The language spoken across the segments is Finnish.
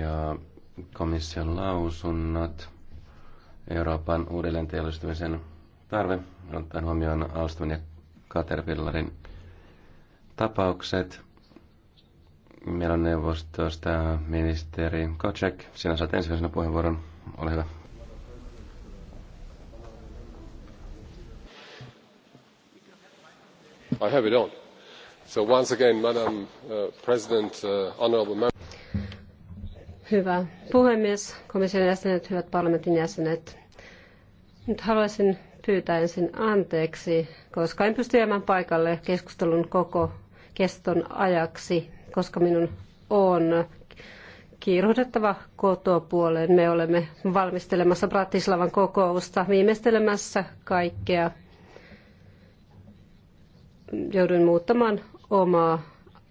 ja komission lausunnot Euroopan teollistumisen tarve, ottaen huomioon Alstomin ja Caterpillarin tapaukset. Meillä on neuvostosta ministeri Kocek. Sinä saat ensimmäisenä puheenvuoron. Ole hyvä. I have it on. So once again, Madam uh, President, uh, honorable members. Hyvä puhemies, komission jäsenet, hyvät parlamentin jäsenet. Nyt haluaisin pyytää ensin anteeksi, koska en pysty jäämään paikalle keskustelun koko keston ajaksi, koska minun on kiiruhdettava kotopuoleen. Me olemme valmistelemassa Bratislavan kokousta, viimeistelemässä kaikkea. Jouduin muuttamaan omaa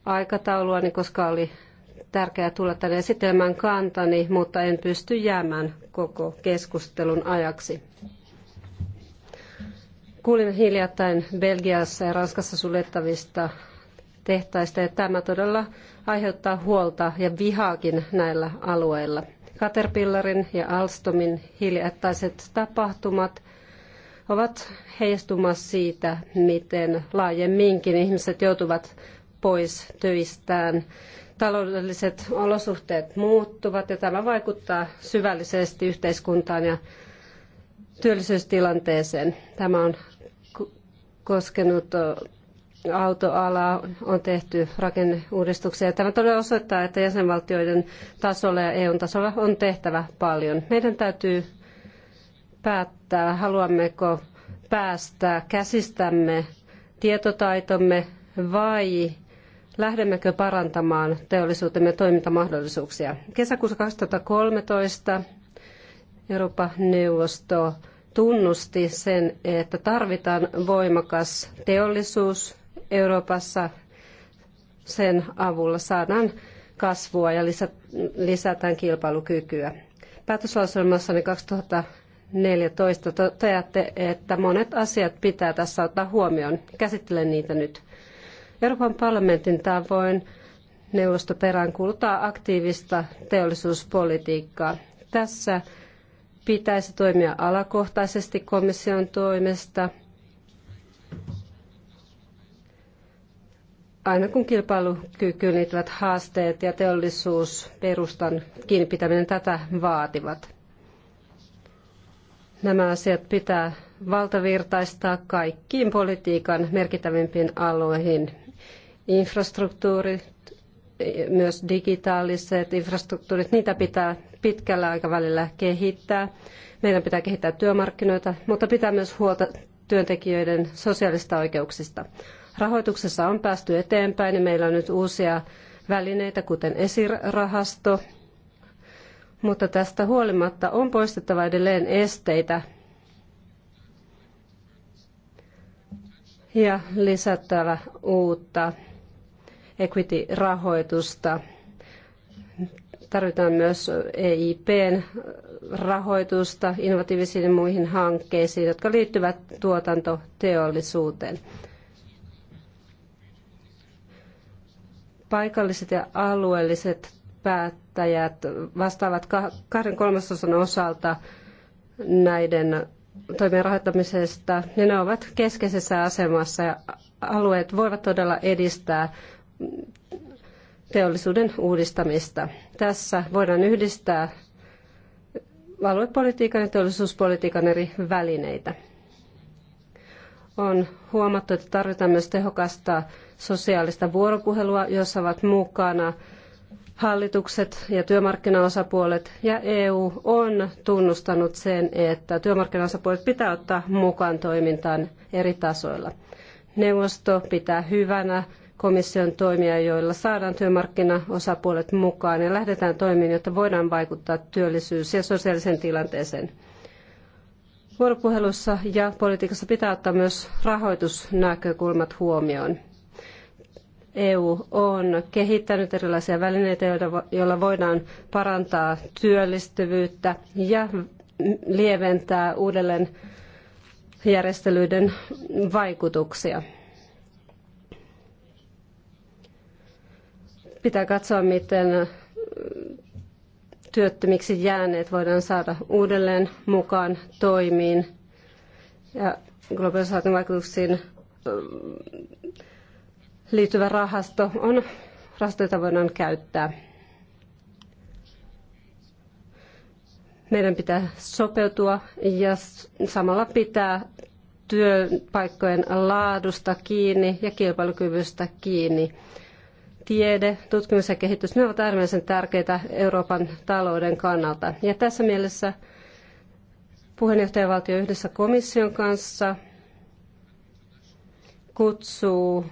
aikatauluani, koska oli tärkeää tulla tänne esittelemään kantani, mutta en pysty jäämään koko keskustelun ajaksi. Kuulin hiljattain Belgiassa ja Ranskassa suljettavista tehtaista ja tämä todella aiheuttaa huolta ja vihaakin näillä alueilla. Caterpillarin ja Alstomin hiljattaiset tapahtumat ovat heijastumassa siitä, miten laajemminkin ihmiset joutuvat pois töistään taloudelliset olosuhteet muuttuvat ja tämä vaikuttaa syvällisesti yhteiskuntaan ja työllisyystilanteeseen. Tämä on koskenut autoalaa, on tehty rakenneuudistuksia. Tämä todella osoittaa, että jäsenvaltioiden tasolla ja EUn tasolla on tehtävä paljon. Meidän täytyy päättää, haluammeko päästä käsistämme tietotaitomme vai lähdemmekö parantamaan teollisuutemme toimintamahdollisuuksia. Kesäkuussa 2013 Euroopan neuvosto tunnusti sen, että tarvitaan voimakas teollisuus Euroopassa. Sen avulla saadaan kasvua ja lisätään kilpailukykyä. Päätöslauselmassani 2014 toteatte, että monet asiat pitää tässä ottaa huomioon. Käsittelen niitä nyt. Euroopan parlamentin tavoin neuvosto peräänkuuluttaa aktiivista teollisuuspolitiikkaa. Tässä pitäisi toimia alakohtaisesti komission toimesta. Aina kun kilpailukykyyn liittyvät haasteet ja teollisuusperustan kiinnipitäminen tätä vaativat. Nämä asiat pitää valtavirtaistaa kaikkiin politiikan merkittävimpiin alueihin infrastruktuurit, myös digitaaliset infrastruktuurit, niitä pitää pitkällä aikavälillä kehittää. Meidän pitää kehittää työmarkkinoita, mutta pitää myös huolta työntekijöiden sosiaalista oikeuksista. Rahoituksessa on päästy eteenpäin ja meillä on nyt uusia välineitä, kuten esirahasto, mutta tästä huolimatta on poistettava edelleen esteitä ja lisättävä uutta equity-rahoitusta. Tarvitaan myös EIPn rahoitusta innovatiivisiin ja muihin hankkeisiin, jotka liittyvät tuotantoteollisuuteen. Paikalliset ja alueelliset päättäjät vastaavat kahden kolmasosan osalta näiden toimien rahoittamisesta, ne ovat keskeisessä asemassa ja alueet voivat todella edistää teollisuuden uudistamista. Tässä voidaan yhdistää aluepolitiikan ja teollisuuspolitiikan eri välineitä. On huomattu, että tarvitaan myös tehokasta sosiaalista vuoropuhelua, jossa ovat mukana hallitukset ja työmarkkinaosapuolet. Ja EU on tunnustanut sen, että työmarkkinaosapuolet pitää ottaa mukaan toimintaan eri tasoilla. Neuvosto pitää hyvänä komission toimia, joilla saadaan työmarkkinaosapuolet mukaan ja lähdetään toimiin, jotta voidaan vaikuttaa työllisyys- ja sosiaaliseen tilanteeseen. Vuoropuhelussa ja politiikassa pitää ottaa myös rahoitusnäkökulmat huomioon. EU on kehittänyt erilaisia välineitä, joilla voidaan parantaa työllistyvyyttä ja lieventää uudelleen järjestelyiden vaikutuksia. Pitää katsoa, miten työttömiksi jääneet voidaan saada uudelleen mukaan toimiin ja globalisaation vaikutuksiin liittyvä rahasto on rahasto, jota voidaan käyttää. Meidän pitää sopeutua ja samalla pitää työpaikkojen laadusta kiinni ja kilpailukyvystä kiinni tiede, tutkimus ja kehitys, ne ovat äärimmäisen tärkeitä Euroopan talouden kannalta. Ja tässä mielessä puheenjohtajavaltio yhdessä komission kanssa kutsuu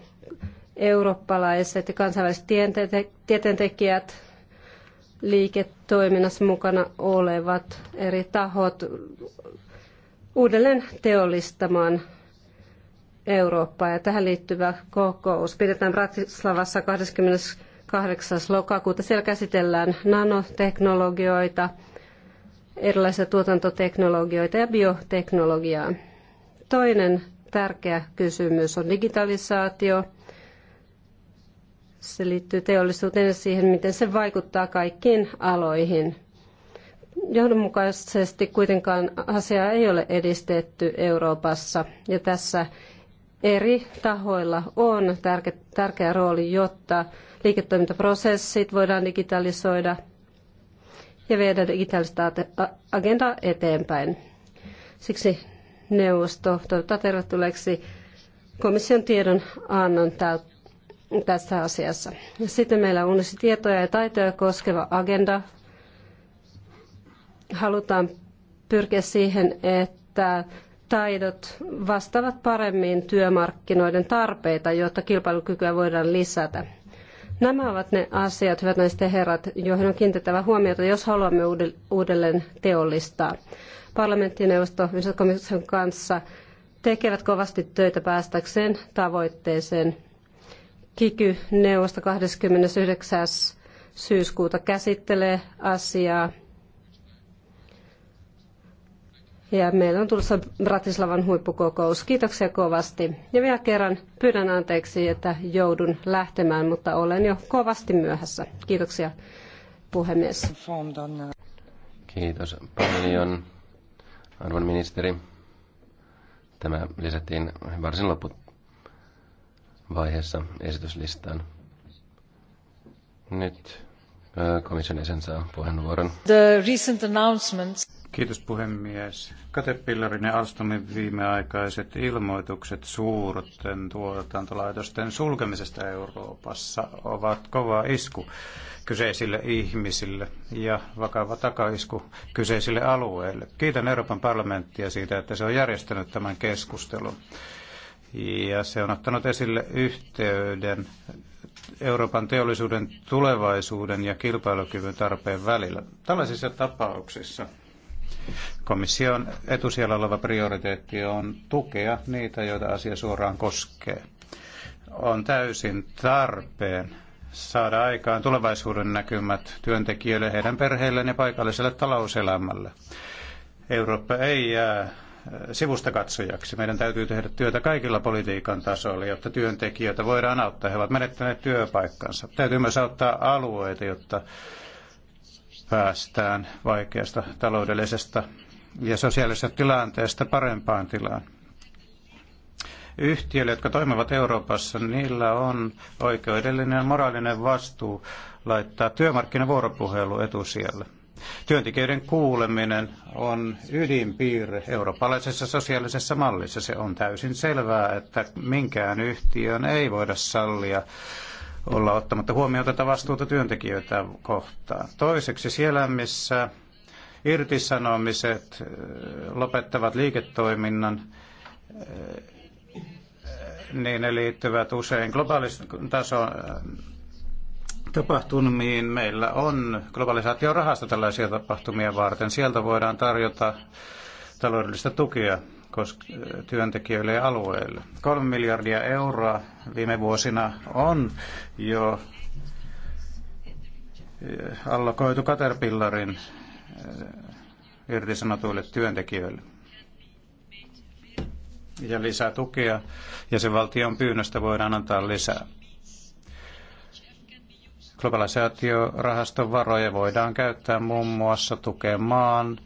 eurooppalaiset ja kansainväliset tieteentekijät, liiketoiminnassa mukana olevat eri tahot uudelleen teollistamaan Eurooppaa. Ja tähän liittyvä kokous pidetään Bratislavassa 28. lokakuuta. Siellä käsitellään nanoteknologioita, erilaisia tuotantoteknologioita ja bioteknologiaa. Toinen tärkeä kysymys on digitalisaatio. Se liittyy teollisuuteen ja siihen, miten se vaikuttaa kaikkiin aloihin. Johdonmukaisesti kuitenkaan asiaa ei ole edistetty Euroopassa ja tässä eri tahoilla on tärke, tärkeä rooli, jotta liiketoimintaprosessit voidaan digitalisoida ja viedä digitaalista agendaa eteenpäin. Siksi neuvosto toivottaa tervetulleeksi komission tiedon annon tässä asiassa. Sitten meillä on uusi tietoja ja taitoja koskeva agenda. Halutaan pyrkiä siihen, että taidot vastaavat paremmin työmarkkinoiden tarpeita, jotta kilpailukykyä voidaan lisätä. Nämä ovat ne asiat, hyvät naiset ja herrat, joihin on kiinnitettävä huomiota, jos haluamme uudelleen teollistaa. Parlamenttineuvosto ja komission kanssa tekevät kovasti töitä päästäkseen tavoitteeseen. Kiky-neuvosto 29. syyskuuta käsittelee asiaa ja meillä on tulossa Bratislavan huippukokous. Kiitoksia kovasti. Ja vielä kerran pyydän anteeksi, että joudun lähtemään, mutta olen jo kovasti myöhässä. Kiitoksia puhemies. Kiitos paljon, arvon ministeri. Tämä lisättiin varsin loppuvaiheessa esityslistaan. Nyt komission jäsen saa puheenvuoron. The recent announcements. Kiitos puhemies. Caterpillarin ja Alstomin viimeaikaiset ilmoitukset suurten tuotantolaitosten sulkemisesta Euroopassa ovat kova isku kyseisille ihmisille ja vakava takaisku kyseisille alueille. Kiitän Euroopan parlamenttia siitä, että se on järjestänyt tämän keskustelun. Ja se on ottanut esille yhteyden Euroopan teollisuuden tulevaisuuden ja kilpailukyvyn tarpeen välillä. Tällaisissa tapauksissa komission etusijalla oleva prioriteetti on tukea niitä, joita asia suoraan koskee. On täysin tarpeen saada aikaan tulevaisuuden näkymät työntekijöille, heidän perheilleen ja paikalliselle talouselämälle. Eurooppa ei jää sivustakatsojaksi. Meidän täytyy tehdä työtä kaikilla politiikan tasoilla, jotta työntekijöitä voidaan auttaa. He ovat menettäneet työpaikkansa. Täytyy myös auttaa alueita, jotta päästään vaikeasta taloudellisesta ja sosiaalisesta tilanteesta parempaan tilaan. Yhtiöille, jotka toimivat Euroopassa, niillä on oikeudellinen ja moraalinen vastuu laittaa työmarkkinavuoropuhelu etusijalle. Työntekijöiden kuuleminen on ydinpiirre eurooppalaisessa sosiaalisessa mallissa. Se on täysin selvää, että minkään yhtiön ei voida sallia olla ottamatta huomioon tätä vastuuta työntekijöitä kohtaan. Toiseksi siellä, missä irtisanomiset lopettavat liiketoiminnan, niin ne liittyvät usein globaalitason tapahtumiin. Meillä on globalisaation rahasto tällaisia tapahtumia varten. Sieltä voidaan tarjota taloudellista tukea työntekijöille ja alueille. Kolme miljardia euroa viime vuosina on jo eh, allokoitu Caterpillarin eh, irtisanotuille työntekijöille. Ja lisää tukea ja valtion pyynnöstä voidaan antaa lisää. Globalisaatiorahaston varoja voidaan käyttää muun muassa tukemaan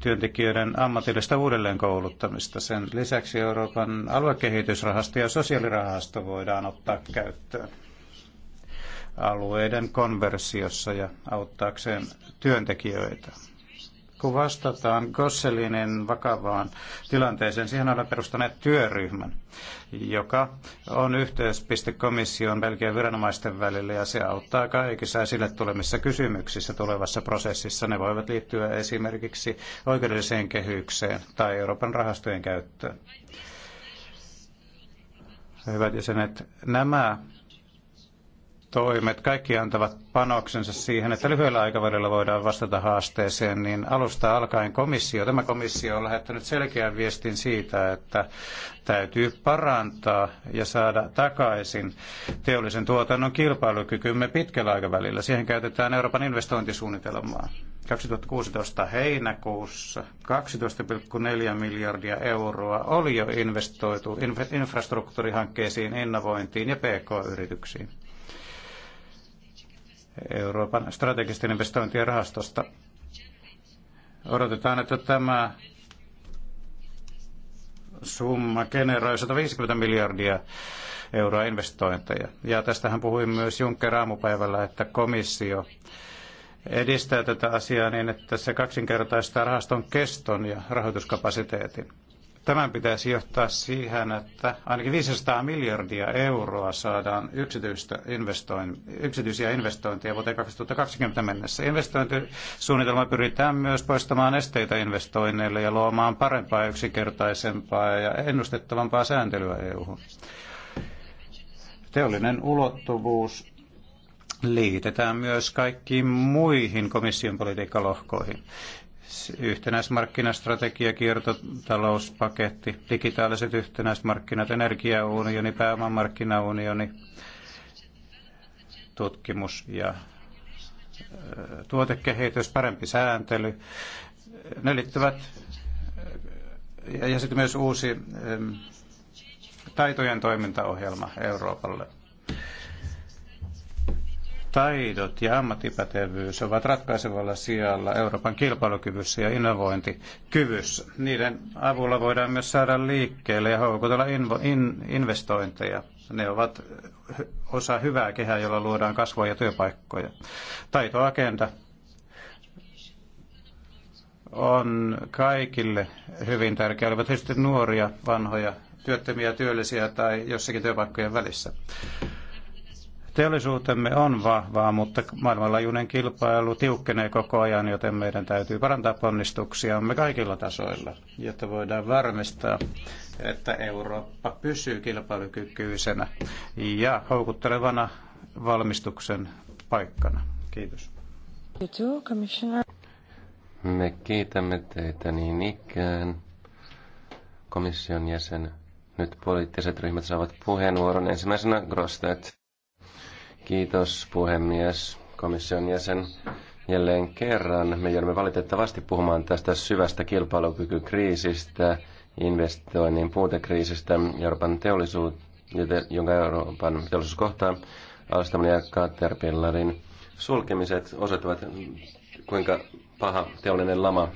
työntekijöiden ammatillista uudelleenkouluttamista. Sen lisäksi Euroopan aluekehitysrahasto ja sosiaalirahasto voidaan ottaa käyttöön alueiden konversiossa ja auttaakseen työntekijöitä kun vastataan Gosselinin vakavaan tilanteeseen, siihen olemme perustaneet työryhmän, joka on yhteyspiste komission Belgian viranomaisten välillä ja se auttaa kaikissa esille tulemissa kysymyksissä tulevassa prosessissa. Ne voivat liittyä esimerkiksi oikeudelliseen kehykseen tai Euroopan rahastojen käyttöön. Hyvät jäsenet, nämä toimet, kaikki antavat panoksensa siihen, että lyhyellä aikavälillä voidaan vastata haasteeseen, niin alusta alkaen komissio, tämä komissio on lähettänyt selkeän viestin siitä, että täytyy parantaa ja saada takaisin teollisen tuotannon kilpailukykymme pitkällä aikavälillä. Siihen käytetään Euroopan investointisuunnitelmaa. 2016 heinäkuussa 12,4 miljardia euroa oli jo investoitu infrastruktuurihankkeisiin, innovointiin ja pk-yrityksiin. Euroopan strategisten investointien rahastosta. Odotetaan, että tämä summa generoi 150 miljardia euroa investointeja. Ja tästähän puhuin myös Juncker aamupäivällä, että komissio edistää tätä asiaa niin, että se kaksinkertaistaa rahaston keston ja rahoituskapasiteetin. Tämän pitäisi johtaa siihen, että ainakin 500 miljardia euroa saadaan yksityistä investoin, yksityisiä investointeja vuoteen 2020 mennessä. Investointisuunnitelma pyritään myös poistamaan esteitä investoinneille ja luomaan parempaa, yksinkertaisempaa ja ennustettavampaa sääntelyä EU-hun. Teollinen ulottuvuus liitetään myös kaikkiin muihin komission politiikkalohkoihin yhtenäismarkkinastrategia, kiertotalouspaketti, digitaaliset yhtenäismarkkinat, energiaunioni, pääomamarkkinaunioni, tutkimus ja tuotekehitys, parempi sääntely. Ne liittyvät ja sitten myös uusi taitojen toimintaohjelma Euroopalle taidot ja ammattipätevyys ovat ratkaisevalla sijalla Euroopan kilpailukyvyssä ja innovointikyvyssä. Niiden avulla voidaan myös saada liikkeelle ja houkutella investointeja. Ne ovat osa hyvää kehää, jolla luodaan kasvua ja työpaikkoja. Taitoagenda on kaikille hyvin tärkeä, olivat tietysti nuoria, vanhoja, työttömiä, työllisiä tai jossakin työpaikkojen välissä. Teollisuutemme on vahvaa, mutta maailmanlaajuinen kilpailu tiukkenee koko ajan, joten meidän täytyy parantaa ponnistuksiamme kaikilla tasoilla, jotta voidaan varmistaa, että Eurooppa pysyy kilpailukykyisenä ja houkuttelevana valmistuksen paikkana. Kiitos. Me kiitämme teitä niin ikään. Komission jäsen. Nyt poliittiset ryhmät saavat puheenvuoron. Ensimmäisenä Grostet. Kiitos puhemies, komission jäsen. Jälleen kerran me joudumme valitettavasti puhumaan tästä syvästä kilpailukykykriisistä, investoinnin puutekriisistä, Euroopan teollisuut, jonka Euroopan teollisuus kohtaa, Alstamon ja Caterpillarin sulkemiset osoittavat, kuinka paha teollinen lama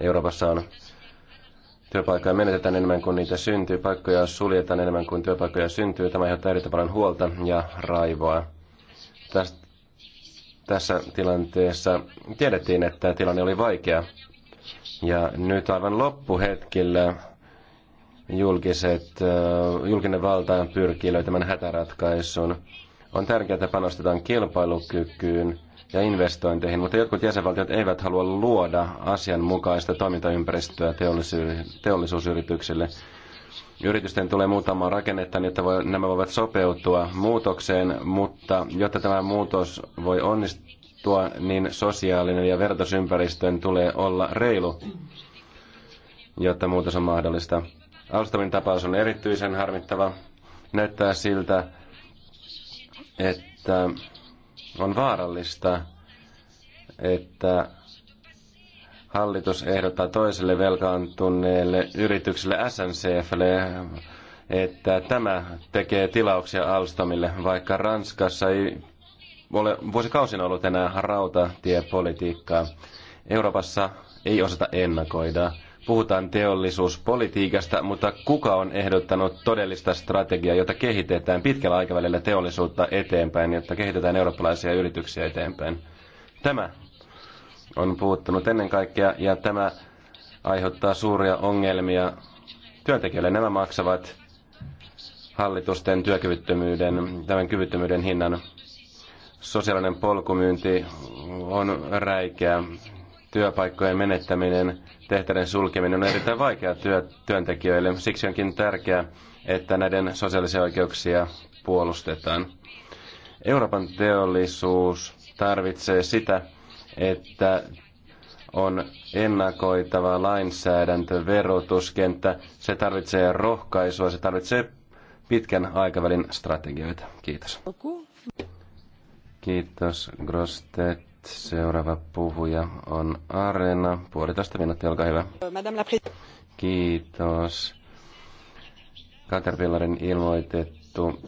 Euroopassa on työpaikkoja menetetään enemmän kuin niitä syntyy, paikkoja suljetaan enemmän kuin työpaikkoja syntyy. Tämä aiheuttaa erittäin paljon huolta ja raivoa. Täst, tässä tilanteessa tiedettiin, että tilanne oli vaikea. Ja nyt aivan loppuhetkillä julkiset, julkinen valta pyrkii löytämään hätäratkaisun. On tärkeää, että panostetaan kilpailukykyyn ja investointeihin, mutta jotkut jäsenvaltiot eivät halua luoda asianmukaista toimintaympäristöä teollisuusyrityksille. Yritysten tulee muutamaan rakennetta, jotta niin, voi, nämä voivat sopeutua muutokseen, mutta jotta tämä muutos voi onnistua, niin sosiaalinen ja vertaisympäristön tulee olla reilu, jotta muutos on mahdollista. Alstomin tapaus on erityisen harmittava. Näyttää siltä, että on vaarallista, että hallitus ehdottaa toiselle velkaantuneelle yritykselle SNCFlle, että tämä tekee tilauksia Alstomille, vaikka Ranskassa ei ole vuosikausina ollut enää rautatiepolitiikkaa. Euroopassa ei osata ennakoida. Puhutaan teollisuuspolitiikasta, mutta kuka on ehdottanut todellista strategiaa, jota kehitetään pitkällä aikavälillä teollisuutta eteenpäin, jotta kehitetään eurooppalaisia yrityksiä eteenpäin? Tämä on puuttunut ennen kaikkea ja tämä aiheuttaa suuria ongelmia työntekijöille. Nämä maksavat hallitusten työkyvyttömyyden, tämän kyvyttömyyden hinnan. Sosiaalinen polkumyynti on räikeä. Työpaikkojen menettäminen tehtäiden sulkeminen on erittäin vaikeaa työ, työntekijöille. Siksi onkin tärkeää, että näiden sosiaalisia oikeuksia puolustetaan. Euroopan teollisuus tarvitsee sitä, että on ennakoitava lainsäädäntö, verotuskenttä. Se tarvitsee rohkaisua, se tarvitsee pitkän aikavälin strategioita. Kiitos. Kiitos, Grostet. Seuraava puhuja on Arena Puolitoista minuuttia, olkaa hyvä. Kiitos. Caterpillarin ilmoitettu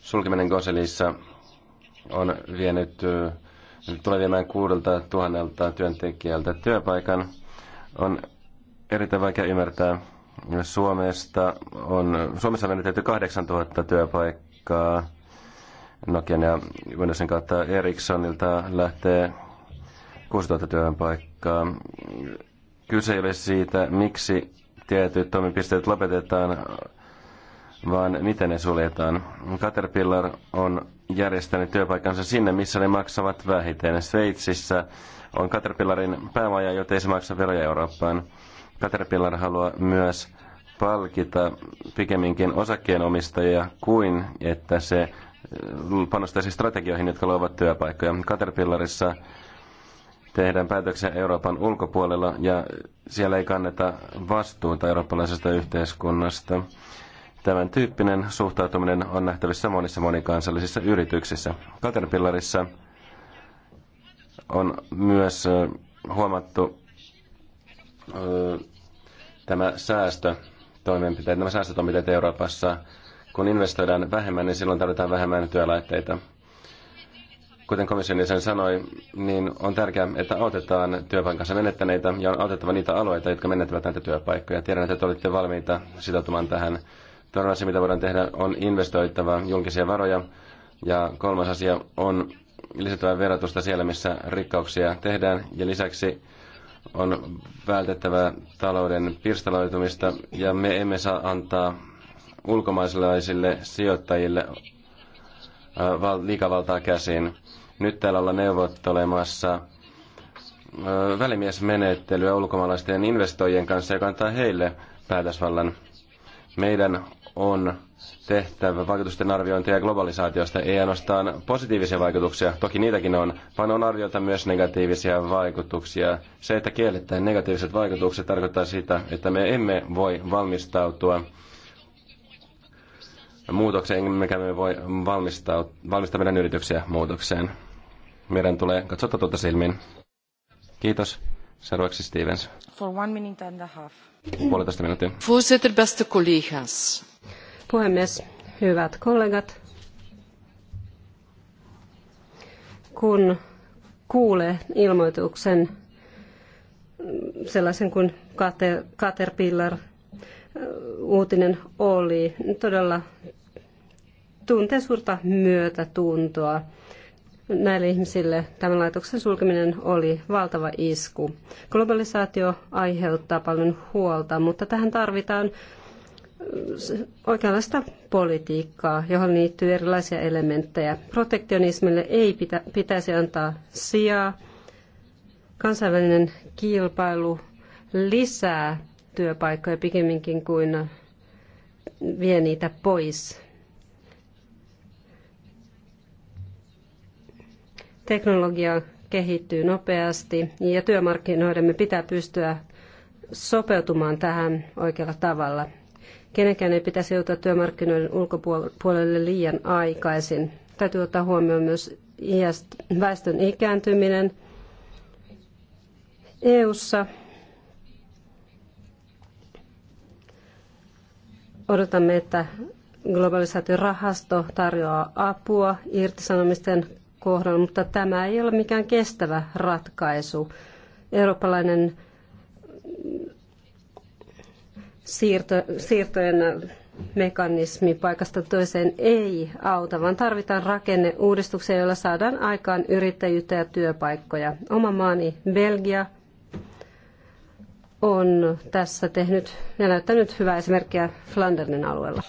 sulkeminen Goselissa on vienyt, tulee viemään kuudelta tuhannelta työntekijältä työpaikan. On erittäin vaikea ymmärtää. Suomesta on, Suomessa on menetetty 8000 työpaikkaa Nokian ja Windowsin kautta Ericssonilta lähtee 6000 työpaikkaa. Kyse ei ole siitä, miksi tietyt toimipisteet lopetetaan, vaan miten ne suljetaan. Caterpillar on järjestänyt työpaikkansa sinne, missä ne maksavat vähiten. Sveitsissä on Caterpillarin päämaja, joten se maksaa veroja Eurooppaan. Caterpillar haluaa myös palkita pikemminkin osakkeenomistajia kuin että se panostaisi strategioihin, jotka luovat työpaikkoja. Caterpillarissa tehdään päätöksiä Euroopan ulkopuolella ja siellä ei kanneta vastuuta eurooppalaisesta yhteiskunnasta. Tämän tyyppinen suhtautuminen on nähtävissä monissa monikansallisissa yrityksissä. Caterpillarissa on myös huomattu tämä säästö toimenpiteet, nämä säästötoimenpiteet Euroopassa kun investoidaan vähemmän, niin silloin tarvitaan vähemmän työlaitteita. Kuten komission jäsen sanoi, niin on tärkeää, että autetaan työpaikassa menettäneitä ja on autettava niitä alueita, jotka menettävät näitä työpaikkoja. Tiedän, että te olette valmiita sitoutumaan tähän. Toinen asia, mitä voidaan tehdä, on investoittava julkisia varoja. Ja kolmas asia on lisättävä verotusta siellä, missä rikkauksia tehdään. Ja lisäksi on vältettävä talouden pirstaloitumista ja me emme saa antaa ulkomaisille sijoittajille liikavaltaa käsiin. Nyt täällä ollaan neuvottelemassa välimiesmenettelyä ulkomaalaisten investoijien kanssa, joka antaa heille päätösvallan. Meidän on tehtävä vaikutusten arviointia globalisaatiosta, ei ainoastaan positiivisia vaikutuksia, toki niitäkin on, vaan on arvioita myös negatiivisia vaikutuksia. Se, että kielletään negatiiviset vaikutukset, tarkoittaa sitä, että me emme voi valmistautua muutokseen, mikä me voi valmistaa, valmistaa meidän yrityksiä muutokseen. Meidän tulee katsoa tuota silmiin. Kiitos. Seuraavaksi Stevens. For one minute and a half. Puolitoista minuuttia. Voorzitter, beste kollegas, Puhemies, hyvät kollegat. Kun kuulee ilmoituksen mm, sellaisen kuin Caterpillar mm, uutinen oli. Niin todella tuntee suurta myötätuntoa. Näille ihmisille tämän laitoksen sulkeminen oli valtava isku. Globalisaatio aiheuttaa paljon huolta, mutta tähän tarvitaan äh, oikeanlaista politiikkaa, johon liittyy erilaisia elementtejä. Protektionismille ei pitä, pitäisi antaa sijaa. Kansainvälinen kilpailu lisää työpaikkoja pikemminkin kuin vie niitä pois. Teknologia kehittyy nopeasti ja työmarkkinoidemme pitää pystyä sopeutumaan tähän oikealla tavalla. Kenenkään ei pitäisi joutua työmarkkinoiden ulkopuolelle liian aikaisin. Täytyy ottaa huomioon myös väestön ikääntyminen. EU:ssa odotamme, että globalisaatiorahasto tarjoaa apua irtisanomisten kohdalla, mutta tämä ei ole mikään kestävä ratkaisu. Eurooppalainen siirto, siirtojen mekanismi paikasta toiseen ei auta, vaan tarvitaan rakenneuudistuksia, joilla saadaan aikaan yrittäjyyttä ja työpaikkoja. Oma maani Belgia on tässä tehnyt ja näyttänyt hyvää esimerkkiä Flandernin alueella.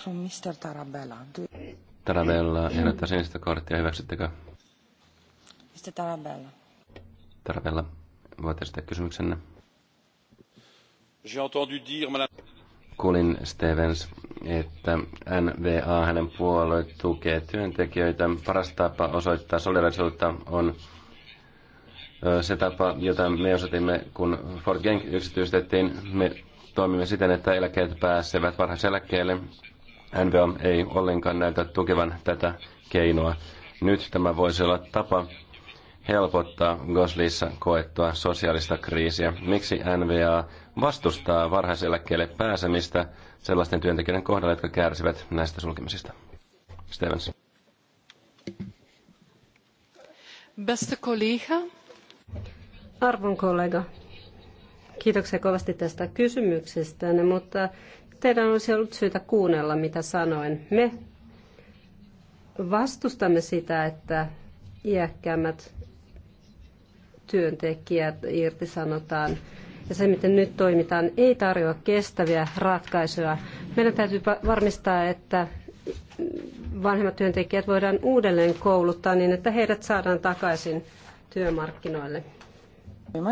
Tarabella, herättää sinistä korttia, hyväksyttekö? Sitten Tarabella. Tarabella, voit esittää kysymyksenne. Kuulin Stevens, että NVA, hänen puolue, tukee työntekijöitä. Paras tapa osoittaa solidaarisuutta on se tapa, jota me osoitimme, kun Ford Genk yksityistettiin. Me toimimme siten, että eläkkeet pääsevät varhaiseläkkeelle. NVA ei ollenkaan näytä tukevan tätä keinoa. Nyt tämä voisi olla tapa helpottaa Goslissa koettua sosiaalista kriisiä. Miksi NVA vastustaa varhaiseläkkeelle pääsemistä sellaisten työntekijöiden kohdalla, jotka kärsivät näistä sulkemisista? Stevens. Beste kollega. Arvon kollega, kiitoksia kovasti tästä kysymyksestä, mutta teidän olisi ollut syytä kuunnella, mitä sanoin. Me vastustamme sitä, että iäkkäämmät työntekijät irtisanotaan. Ja se, miten nyt toimitaan, ei tarjoa kestäviä ratkaisuja. Meidän täytyy varmistaa, että vanhemmat työntekijät voidaan uudelleen kouluttaa niin, että heidät saadaan takaisin työmarkkinoille. Uh,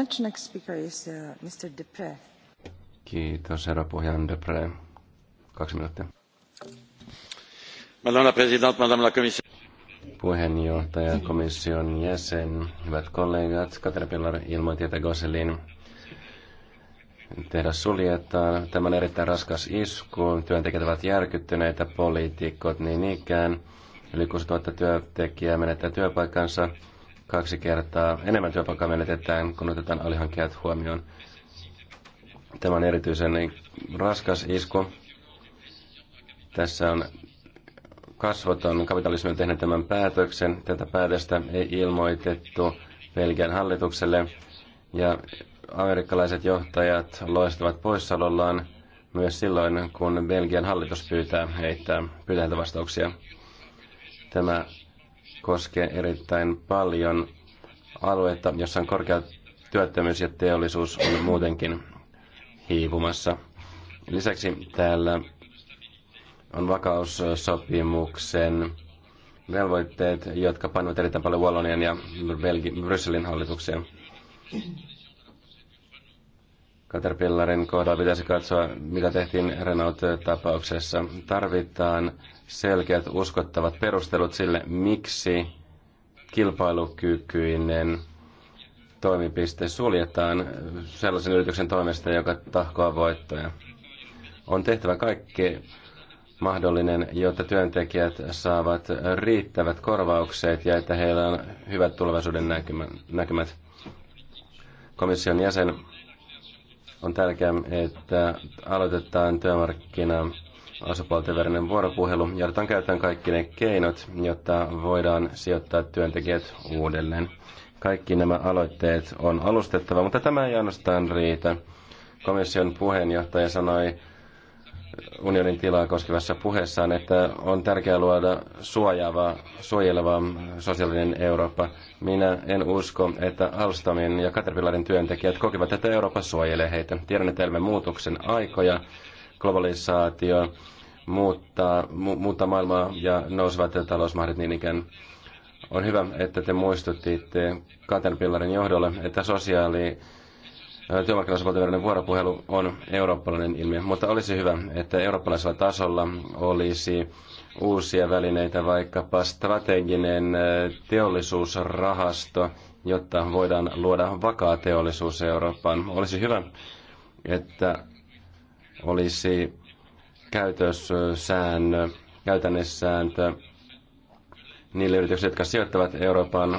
Kiitos, herra Pohjan Depre. Kaksi minuuttia. Madame la présidente, madame la commissaire puheenjohtaja, komission jäsen, hyvät kollegat, Caterpillar ilmoitti, että Goselin tehdas suljetaan. Tämä on erittäin raskas isku, työntekijät ovat järkyttyneitä, poliitikot niin ikään. Yli 6000 työntekijää menettää työpaikkansa, kaksi kertaa enemmän työpaikkaa menetetään, kun otetaan alihankijat huomioon. Tämä on erityisen raskas isku. Tässä on kasvoton kapitalismi on tehnyt tämän päätöksen. Tätä päätöstä ei ilmoitettu Belgian hallitukselle. Ja amerikkalaiset johtajat loistavat poissaolollaan myös silloin, kun Belgian hallitus pyytää heittää pyytäjältä vastauksia. Tämä koskee erittäin paljon aluetta, jossa on korkea työttömyys ja teollisuus on muutenkin hiipumassa. Lisäksi täällä on vakaussopimuksen velvoitteet, jotka painavat erittäin paljon Wallonian ja Belgi- Brysselin hallituksia. Caterpillarin kohdalla pitäisi katsoa, mitä tehtiin Renault-tapauksessa. Tarvitaan selkeät, uskottavat perustelut sille, miksi kilpailukykyinen toimipiste suljetaan sellaisen yrityksen toimesta, joka tahkoa voittoja. On tehtävä kaikki mahdollinen, jotta työntekijät saavat riittävät korvaukset ja että heillä on hyvät tulevaisuuden näkymät. Komission jäsen on tärkeää, että aloitetaan työmarkkina osapuolten välinen vuoropuhelu ja otetaan käyttöön kaikki ne keinot, jotta voidaan sijoittaa työntekijät uudelleen. Kaikki nämä aloitteet on alustettava, mutta tämä ei ainoastaan riitä. Komission puheenjohtaja sanoi unionin tilaa koskevassa puheessaan, että on tärkeää luoda suojaava, suojeleva sosiaalinen Eurooppa. Minä en usko, että Alstomin ja Caterpillarin työntekijät kokevat, että Eurooppa suojelee heitä. Tiedän, että elämme muutoksen aikoja, globalisaatio muuttaa, mu- muuttaa maailmaa ja nousevat talousmahdit niin ikään. On hyvä, että te muistutitte Caterpillarin johdolle, että sosiaali työmarkkinaosapuolten vuoropuhelu on eurooppalainen ilmiö, mutta olisi hyvä, että eurooppalaisella tasolla olisi uusia välineitä, vaikkapa strateginen teollisuusrahasto, jotta voidaan luoda vakaa teollisuus Eurooppaan. Olisi hyvä, että olisi käytössään käytännössään niille yrityksille, jotka sijoittavat Eurooppaan,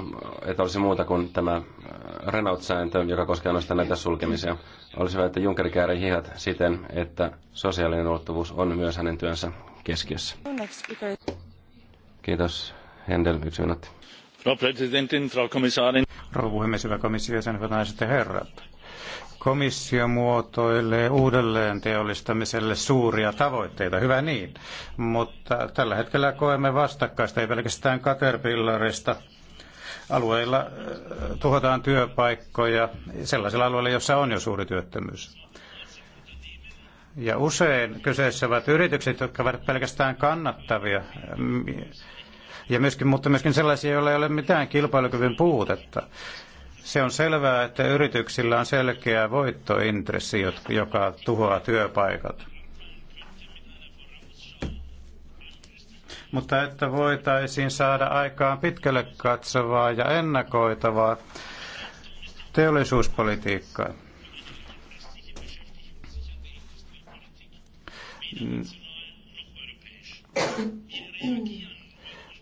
että olisi muuta kuin tämä äh, Renault-sääntö, joka koskee ainoastaan näitä sulkemisia. Olisi hyvä, että Juncker käärii hihat siten, että sosiaalinen ulottuvuus on myös hänen työnsä keskiössä. Kiitos. Händel, yksi minuutti. Frau Präsidentin, Frau Kommissarin. Rouva puhemies, hyvä komissio, sen hyvät naiset ja herrat. Komissio muotoilee uudelleen teollistamiselle suuria tavoitteita, hyvä niin, mutta tällä hetkellä koemme vastakkaista, ei pelkästään Caterpillarista. Alueilla äh, tuhotaan työpaikkoja sellaisilla alueilla, joissa on jo suuri työttömyys. Ja usein kyseessä ovat yritykset, jotka ovat pelkästään kannattavia, ja myöskin, mutta myöskin sellaisia, joilla ei ole mitään kilpailukyvyn puutetta. Se on selvää, että yrityksillä on selkeä voittointressi, joka tuhoaa työpaikat. Mutta että voitaisiin saada aikaan pitkälle katsovaa ja ennakoitavaa teollisuuspolitiikkaa.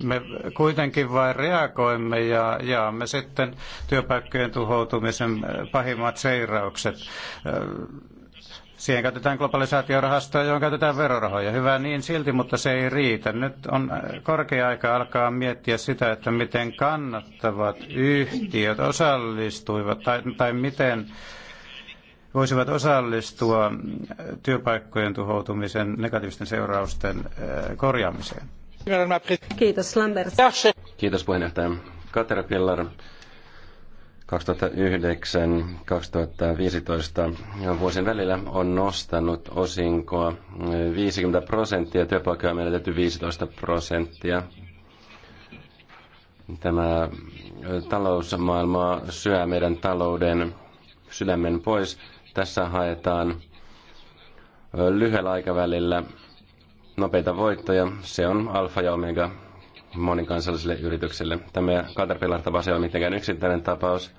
Me kuitenkin vain reagoimme ja jaamme sitten työpaikkojen tuhoutumisen pahimmat seiraukset. Siihen käytetään globalisaatiorahastoa, johon käytetään verorahoja. Hyvä niin silti, mutta se ei riitä. Nyt on korkea aika alkaa miettiä sitä, että miten kannattavat yhtiöt osallistuivat tai, tai miten voisivat osallistua työpaikkojen tuhoutumisen negatiivisten seurausten korjaamiseen. Kiitos Lambert. Kiitos puheenjohtaja. Caterpillar 2009-2015 vuosien välillä on nostanut osinkoa 50 prosenttia, työpaikkoja on menetetty 15 prosenttia. Tämä talousmaailma syö meidän talouden sydämen pois. Tässä haetaan lyhyellä aikavälillä nopeita voittoja. Se on alfa ja omega monikansallisille yrityksille. Tämä Caterpillar-tapaus ei ole mitenkään yksittäinen tapaus.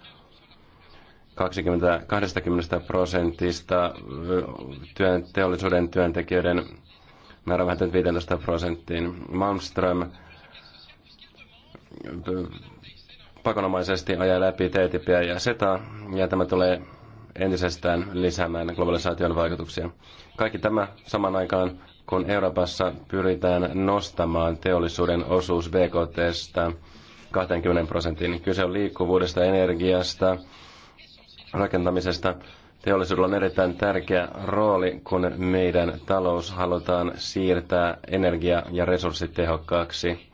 20, 20 prosentista työn, teollisuuden työntekijöiden määrä vähentynyt 15 prosenttiin. Malmström pakonomaisesti ajaa läpi TTIP ja SETA, ja tämä tulee entisestään lisäämään globalisaation vaikutuksia. Kaikki tämä saman aikaan, kun Euroopassa pyritään nostamaan teollisuuden osuus BKTstä 20 prosenttiin, Kyse on liikkuvuudesta, energiasta, rakentamisesta. Teollisuudella on erittäin tärkeä rooli, kun meidän talous halutaan siirtää energia- ja resurssitehokkaaksi.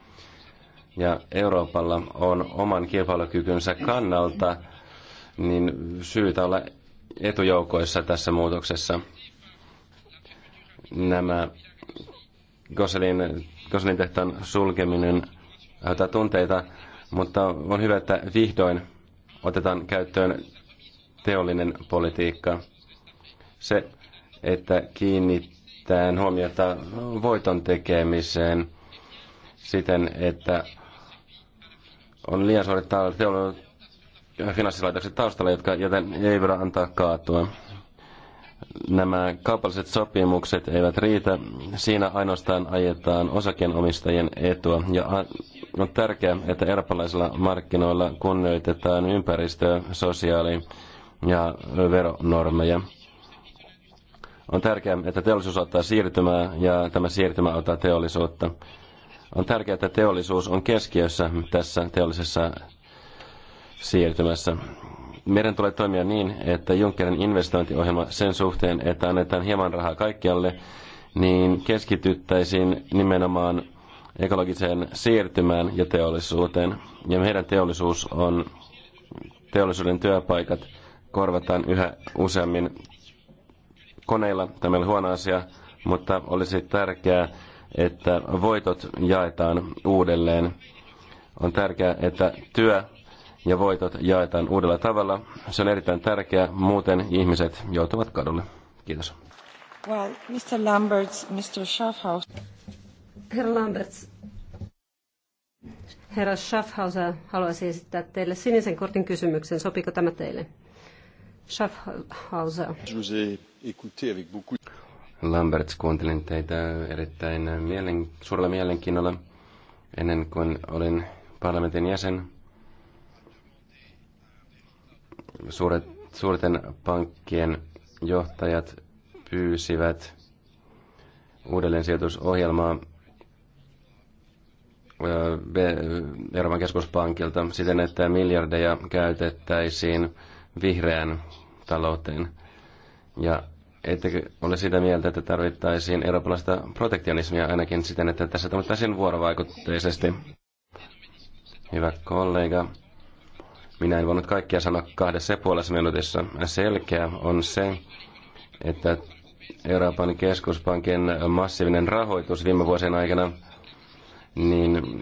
Ja Euroopalla on oman kilpailukykynsä kannalta niin syytä olla etujoukoissa tässä muutoksessa nämä Goselin, Goselin tehtaan sulkeminen aiheuttaa tunteita, mutta on hyvä, että vihdoin otetaan käyttöön teollinen politiikka. Se, että kiinnittään huomiota voiton tekemiseen siten, että on liian suuri teollisuus finanssilaitokset taustalla, jotka, joten ei voida antaa kaatua nämä kaupalliset sopimukset eivät riitä. Siinä ainoastaan ajetaan osakkeenomistajien etua. Ja on tärkeää, että eurooppalaisilla markkinoilla kunnioitetaan ympäristö-, sosiaali- ja veronormeja. On tärkeää, että teollisuus ottaa siirtymää ja tämä siirtymä ottaa teollisuutta. On tärkeää, että teollisuus on keskiössä tässä teollisessa siirtymässä meidän tulee toimia niin, että Junckerin investointiohjelma sen suhteen, että annetaan hieman rahaa kaikkialle, niin keskityttäisiin nimenomaan ekologiseen siirtymään ja teollisuuteen. Ja meidän teollisuus on, teollisuuden työpaikat korvataan yhä useammin koneilla. Tämä on huono asia, mutta olisi tärkeää, että voitot jaetaan uudelleen. On tärkeää, että työ ja voitot jaetaan uudella tavalla. Se on erittäin tärkeää, muuten ihmiset joutuvat kadulle. Kiitos. Well, Mr. Lamberts, Mr. Schaffhaus. Herra Lamberts, herra Schaffhaus, haluaisi esittää teille sinisen kortin kysymyksen. Sopiko tämä teille? Schaffhauser. Lambert kuuntelin teitä erittäin mielen, suurella mielenkiinnolla ennen kuin olin parlamentin jäsen suuret, suurten pankkien johtajat pyysivät uudelleen sijoitusohjelmaa Euroopan keskuspankilta siten, että miljardeja käytettäisiin vihreään talouteen. Ja ettekö ole sitä mieltä, että tarvittaisiin eurooppalaista protektionismia ainakin siten, että tässä toimittaisiin vuorovaikutteisesti? Hyvä kollega, minä en voinut kaikkia sanoa kahdessa ja puolessa minuutissa. Selkeä on se, että Euroopan keskuspankin massiivinen rahoitus viime vuosien aikana, niin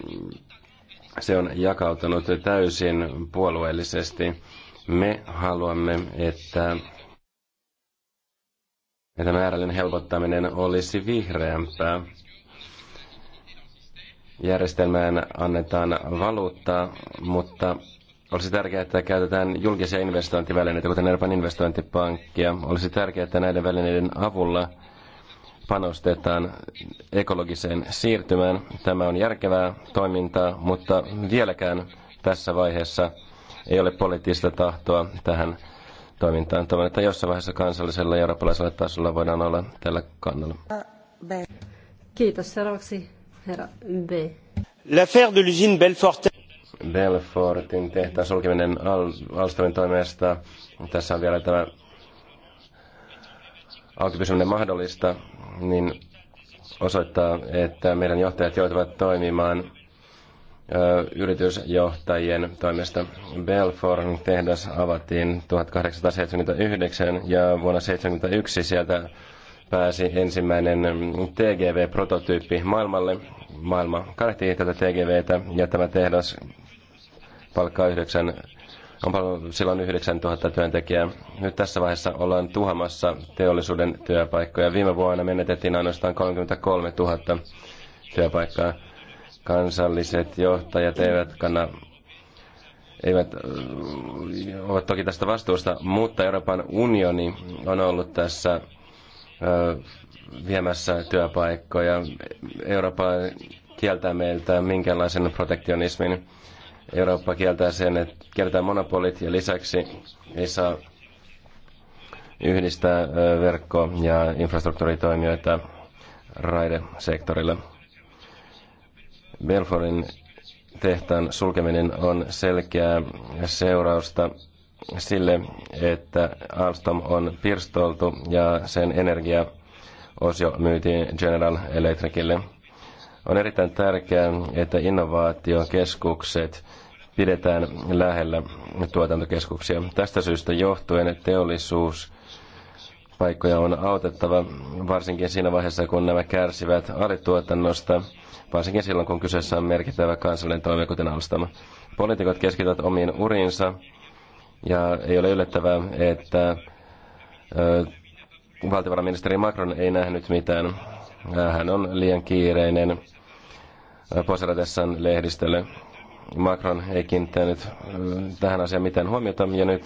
se on jakautunut täysin puolueellisesti. Me haluamme, että, että määrällinen helpottaminen olisi vihreämpää. Järjestelmään annetaan valuuttaa, mutta olisi tärkeää, että käytetään julkisia investointivälineitä, kuten Euroopan investointipankkia. Olisi tärkeää, että näiden välineiden avulla panostetaan ekologiseen siirtymään. Tämä on järkevää toimintaa, mutta vieläkään tässä vaiheessa ei ole poliittista tahtoa tähän toimintaan. Toivon, että jossain vaiheessa kansallisella ja eurooppalaisella tasolla voidaan olla tällä kannalla. Kiitos. Seuraavaksi herra B. L'affaire de l'usine Belfort Belfortin tehtaan sulkeminen Al- Alstomin toimesta. Tässä on vielä tämä auki pysyminen mahdollista, niin osoittaa, että meidän johtajat joutuvat toimimaan ö, yritysjohtajien toimesta. Belforn tehdas avattiin 1879 ja vuonna 1971 sieltä pääsi ensimmäinen TGV-prototyyppi maailmalle. Maailma kadehtii tätä TGVtä ja tämä tehdas palkkaa yhdeksän, on paljon, silloin 9000 työntekijää. Nyt tässä vaiheessa ollaan tuhamassa teollisuuden työpaikkoja. Viime vuonna menetettiin ainoastaan 33 000 työpaikkaa. Kansalliset johtajat eivät kanna eivät ole toki tästä vastuusta, mutta Euroopan unioni on ollut tässä viemässä työpaikkoja. Eurooppa kieltää meiltä minkälaisen protektionismin. Eurooppa kieltää sen, että kieltää monopolit ja lisäksi ei saa yhdistää verkko- ja infrastruktuuritoimijoita raidesektorilla. Belforin tehtaan sulkeminen on selkeää seurausta sille, että Alstom on pirstoltu ja sen energiaosio myytiin General Electricille. On erittäin tärkeää, että innovaatiokeskukset pidetään lähellä tuotantokeskuksia. Tästä syystä johtuen teollisuus paikkoja on autettava, varsinkin siinä vaiheessa, kun nämä kärsivät alituotannosta, varsinkin silloin, kun kyseessä on merkittävä kansallinen toimi, kuten alustama. Poliitikot keskityvät omiin urinsa ja ei ole yllättävää, että ö, valtiovarainministeri Macron ei nähnyt mitään. Hän on liian kiireinen poseratessaan lehdistölle. Macron ei kiinnittänyt tähän asiaan mitään huomiota ja nyt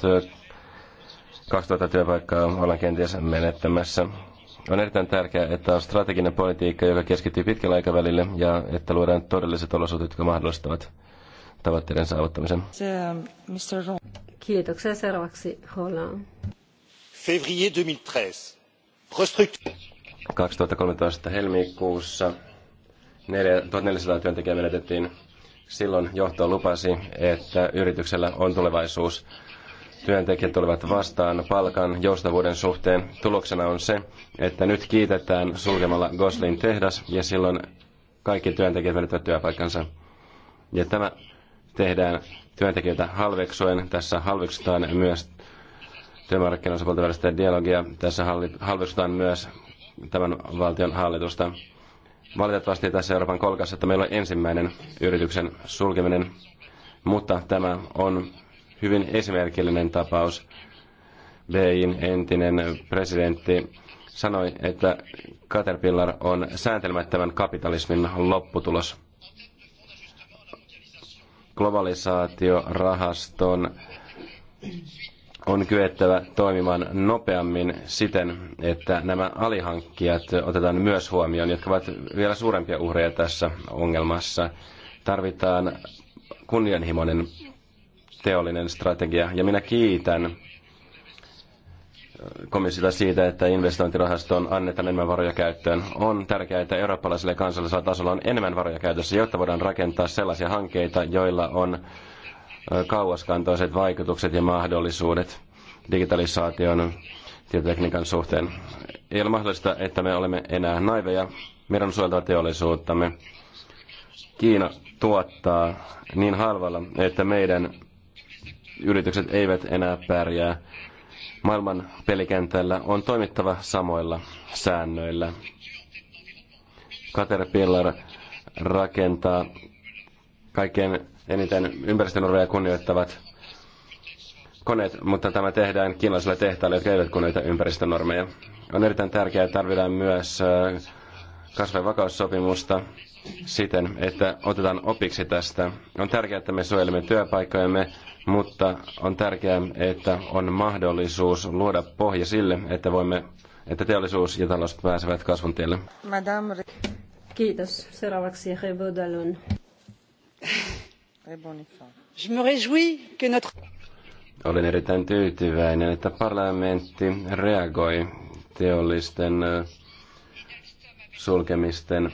2000 työpaikkaa ollaan kenties menettämässä. On erittäin tärkeää, että on strateginen politiikka, joka keskittyy pitkällä aikavälillä, ja että luodaan todelliset olosuhteet, jotka mahdollistavat tavoitteiden saavuttamisen. Äh, Kiitoksia. Seuraavaksi Holland. Février 2013. Restructu- 2013 helmikuussa 1400 työntekijää menetettiin Silloin johto lupasi, että yrityksellä on tulevaisuus. Työntekijät tulevat vastaan palkan joustavuuden suhteen. Tuloksena on se, että nyt kiitetään sulkemalla Goslin tehdas ja silloin kaikki työntekijät välittävät työpaikkansa. Ja tämä tehdään työntekijöitä halveksuen. Tässä halveksutaan myös työmarkkinoissa välistä dialogia. Tässä halveksutaan myös tämän valtion hallitusta. Valitettavasti tässä Euroopan kolkassa, että meillä on ensimmäinen yrityksen sulkeminen, mutta tämä on hyvin esimerkillinen tapaus. BEIN entinen presidentti sanoi, että Caterpillar on sääntelmättömän kapitalismin lopputulos. Globalisaatiorahaston on kyettävä toimimaan nopeammin siten, että nämä alihankkijat otetaan myös huomioon, jotka ovat vielä suurempia uhreja tässä ongelmassa. Tarvitaan kunnianhimoinen teollinen strategia, ja minä kiitän komissiota siitä, että investointirahastoon annetaan enemmän varoja käyttöön. On tärkeää, että eurooppalaisella ja kansallisella tasolla on enemmän varoja käytössä, jotta voidaan rakentaa sellaisia hankkeita, joilla on kauaskantoiset vaikutukset ja mahdollisuudet digitalisaation tietotekniikan suhteen. Ei ole mahdollista, että me olemme enää naiveja. Meidän on suojeltava teollisuuttamme. Kiina tuottaa niin halvalla, että meidän yritykset eivät enää pärjää. Maailman pelikentällä on toimittava samoilla säännöillä. Caterpillar rakentaa kaiken eniten ympäristönormeja kunnioittavat koneet, mutta tämä tehdään kiinalaisilla tehtailla, jotka eivät kunnioita ympäristönormeja. On erittäin tärkeää, että tarvitaan myös kasvavakaussopimusta siten, että otetaan opiksi tästä. On tärkeää, että me suojelemme työpaikkojamme, mutta on tärkeää, että on mahdollisuus luoda pohja sille, että voimme että teollisuus ja talous pääsevät kasvun tielle. Madame. Kiitos. Seuraavaksi Revodalon. Olen erittäin tyytyväinen, että parlamentti reagoi teollisten sulkemisten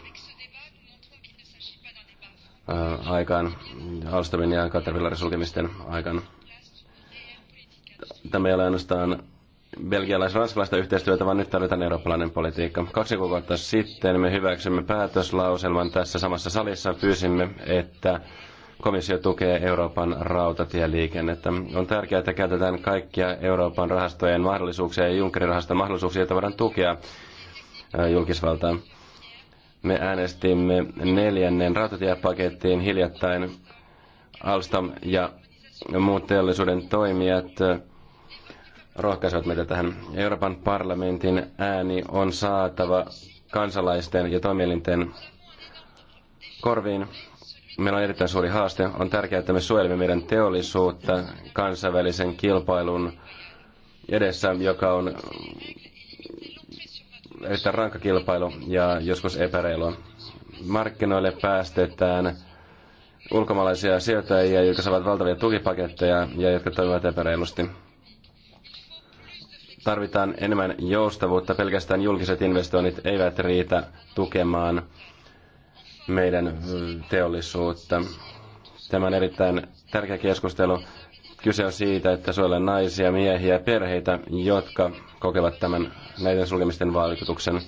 aikaan, Alstomin ja Caterpillarin sulkemisten aikaan. Tämä ei ole ainoastaan belgialais-ranskalaista yhteistyötä, vaan nyt tarvitaan eurooppalainen politiikka. Kaksi kuukautta sitten me hyväksymme päätöslauselman tässä samassa salissa. Pyysimme, että komissio tukee Euroopan rautatieliikennettä. On tärkeää, että käytetään kaikkia Euroopan rahastojen mahdollisuuksia ja Junckerin rahaston mahdollisuuksia, joita voidaan tukea äh, julkisvaltaan. Me äänestimme neljännen rautatiepakettiin hiljattain Alstom ja muut teollisuuden toimijat äh, rohkaisevat meitä tähän. Euroopan parlamentin ääni on saatava kansalaisten ja toimielinten korviin meillä on erittäin suuri haaste. On tärkeää, että me suojelemme meidän teollisuutta kansainvälisen kilpailun edessä, joka on erittäin rankka kilpailu ja joskus epäreilua. Markkinoille päästetään ulkomaalaisia sijoittajia, jotka saavat valtavia tukipaketteja ja jotka toimivat epäreilusti. Tarvitaan enemmän joustavuutta. Pelkästään julkiset investoinnit eivät riitä tukemaan meidän mm, teollisuutta. Tämä on erittäin tärkeä keskustelu. Kyse on siitä, että suojella naisia, miehiä ja perheitä, jotka kokevat tämän näiden sulkemisten vaikutuksen.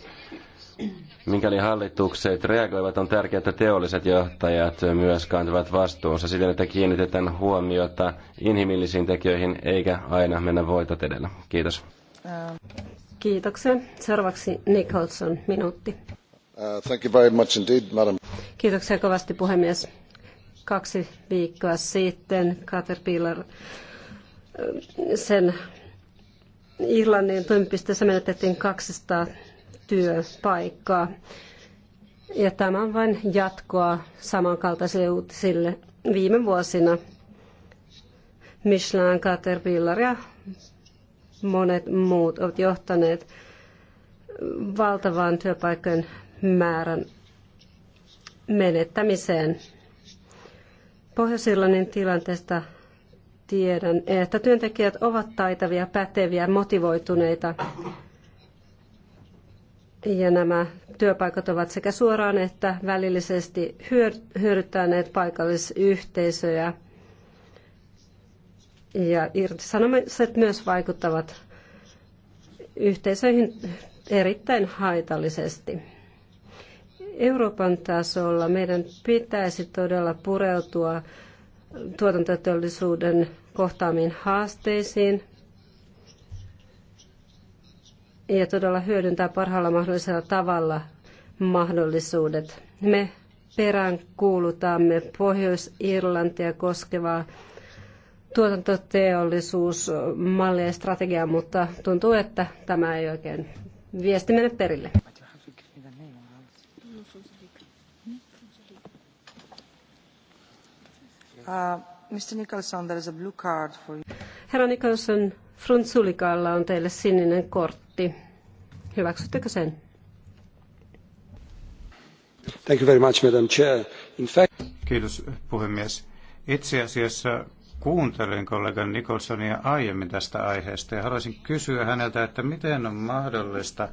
Mikäli hallitukset reagoivat, on tärkeää, että teolliset johtajat myös kantavat vastuunsa siten, että kiinnitetään huomiota inhimillisiin tekijöihin eikä aina mennä voitot edellä. Kiitos. Kiitoksia. Seuraavaksi Nicholson, minuutti. Uh, Kiitoksia kovasti puhemies. Kaksi viikkoa sitten Caterpillar uh, sen Irlannin toimipisteessä menetettiin 200 työpaikkaa. Ja tämä on vain jatkoa samankaltaisille uutisille viime vuosina. Michelin, Caterpillar ja monet muut ovat johtaneet valtavaan työpaikkojen määrän menettämiseen. Pohjois-Irlannin tilanteesta tiedän, että työntekijät ovat taitavia, päteviä, motivoituneita. Ja nämä työpaikat ovat sekä suoraan että välillisesti hyödyttäneet paikallisyhteisöjä. Ja irtisanomiset myös vaikuttavat yhteisöihin erittäin haitallisesti. Euroopan tasolla meidän pitäisi todella pureutua tuotantoteollisuuden kohtaamiin haasteisiin ja todella hyödyntää parhaalla mahdollisella tavalla mahdollisuudet. Me peräänkuulutamme Pohjois-Irlantia koskevaa tuotantoteollisuusmallia ja strategiaa, mutta tuntuu, että tämä ei oikein viesti mene perille. Uh, Mr. Herra Nicholson, Frunzulikalla on teille sininen kortti. Hyväksyttekö sen? Thank you very much, Madam Chair. In fact... Kiitos, puhemies. Itse asiassa kuuntelin kollegan Nicholsonia aiemmin tästä aiheesta ja haluaisin kysyä häneltä, että miten on mahdollista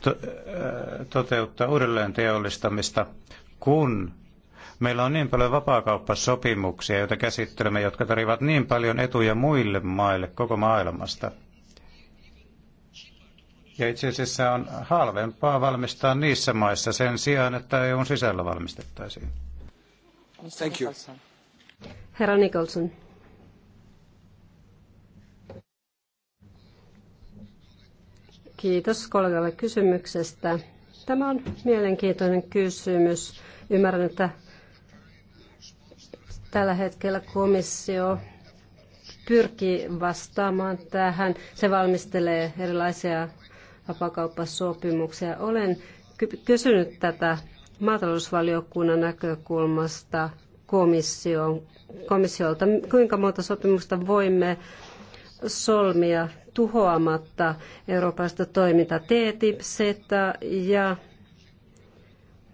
to- äh, toteuttaa uudelleen teollistamista, kun Meillä on niin paljon vapaakauppasopimuksia, joita käsittelemme, jotka tarjoavat niin paljon etuja muille maille koko maailmasta. Ja itse asiassa on halvempaa valmistaa niissä maissa sen sijaan, että EUn sisällä valmistettaisiin. Thank you. Herra Nicholson. Kiitos kollegalle kysymyksestä. Tämä on mielenkiintoinen kysymys. Ymmärrän, että Tällä hetkellä komissio pyrkii vastaamaan tähän. Se valmistelee erilaisia vapakauppasopimuksia. Olen kysynyt tätä maatalousvaliokunnan näkökulmasta komission, komissiolta, kuinka monta sopimusta voimme solmia tuhoamatta Euroopasta toimintaa TTIP, CETA ja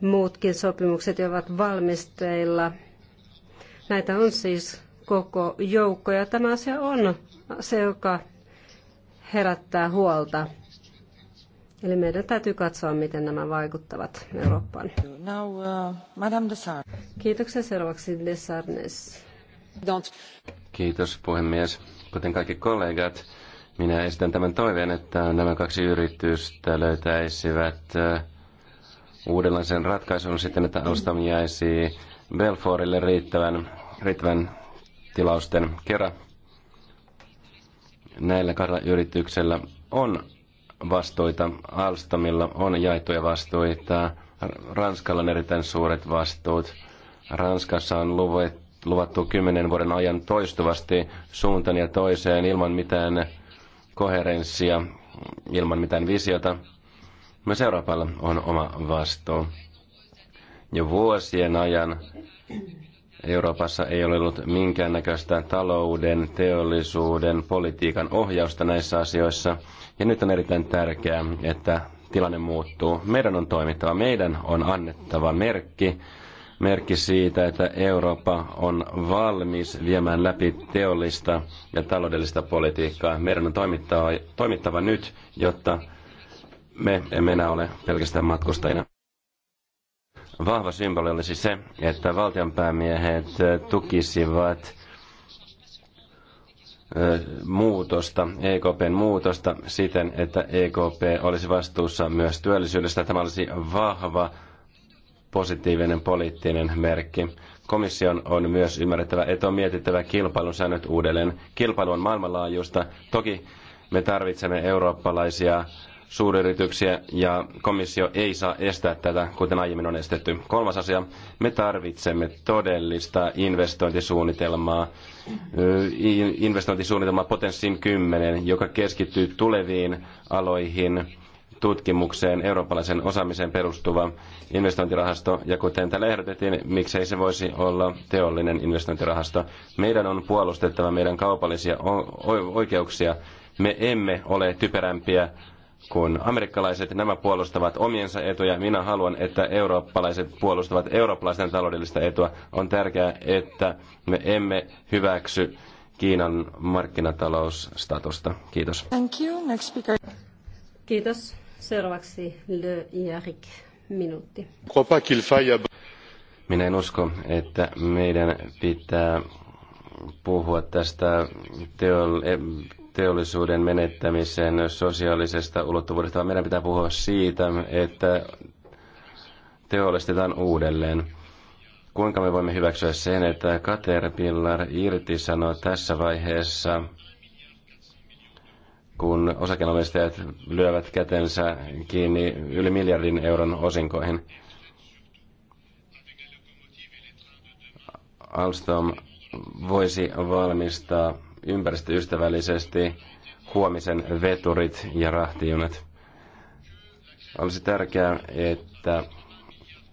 muutkin sopimukset, jotka ovat valmisteilla – Näitä on siis koko joukko ja tämä asia on se, joka herättää huolta. Eli meidän täytyy katsoa, miten nämä vaikuttavat Eurooppaan. Now, uh, Madame Desar. Kiitoksia seuraavaksi Desarnes. Don't. Kiitos puhemies. Kuten kaikki kollegat, minä esitän tämän toiveen, että nämä kaksi yritystä löytäisivät uh, uudenlaisen ratkaisun sitten, että Alstom jäisi Belforille riittävän, riittävän tilausten kerran. Näillä kahdella yrityksellä on vastuita. Alstomilla on jaettuja vastuita. Ranskalla on erittäin suuret vastuut. Ranskassa on luvet, luvattu kymmenen vuoden ajan toistuvasti suuntaan ja toiseen ilman mitään koherenssia, ilman mitään visiota. Myös Euroopalla on oma vastuu. Jo vuosien ajan Euroopassa ei ole ollut minkäännäköistä talouden, teollisuuden, politiikan ohjausta näissä asioissa. Ja nyt on erittäin tärkeää, että tilanne muuttuu. Meidän on toimittava, meidän on annettava merkki, merkki siitä, että Eurooppa on valmis viemään läpi teollista ja taloudellista politiikkaa. Meidän on toimittava, toimittava nyt, jotta me emme enää ole pelkästään matkustajina. Vahva symboli olisi siis se, että valtionpäämiehet tukisivat muutosta, EKPn muutosta siten, että EKP olisi vastuussa myös työllisyydestä. Tämä olisi vahva positiivinen poliittinen merkki. Komission on myös ymmärrettävä, että on mietittävä kilpailun säännöt uudelleen. Kilpailu on maailmanlaajuista. Toki me tarvitsemme eurooppalaisia suuryrityksiä ja komissio ei saa estää tätä, kuten aiemmin on estetty. Kolmas asia, me tarvitsemme todellista investointisuunnitelmaa, investointisuunnitelmaa potenssiin 10, joka keskittyy tuleviin aloihin, tutkimukseen, eurooppalaisen osaamiseen perustuva investointirahasto, ja kuten täällä ehdotettiin, miksei se voisi olla teollinen investointirahasto. Meidän on puolustettava meidän kaupallisia oikeuksia. Me emme ole typerämpiä kun amerikkalaiset nämä puolustavat omiensa etuja. Minä haluan, että eurooppalaiset puolustavat eurooppalaisten taloudellista etua. On tärkeää, että me emme hyväksy Kiinan markkinatalousstatusta. Kiitos. Thank you. Next speaker. Kiitos. Seuraavaksi Le Jarik, minuutti. Minä en usko, että meidän pitää puhua tästä teol- teollisuuden menettämisen sosiaalisesta ulottuvuudesta, vaan meidän pitää puhua siitä, että teollistetaan uudelleen. Kuinka me voimme hyväksyä sen, että Caterpillar sanoo tässä vaiheessa, kun osakenomistajat lyövät kätensä kiinni yli miljardin euron osinkoihin? Alstom voisi valmistaa ympäristöystävällisesti huomisen veturit ja rahtijunat. Olisi tärkeää, että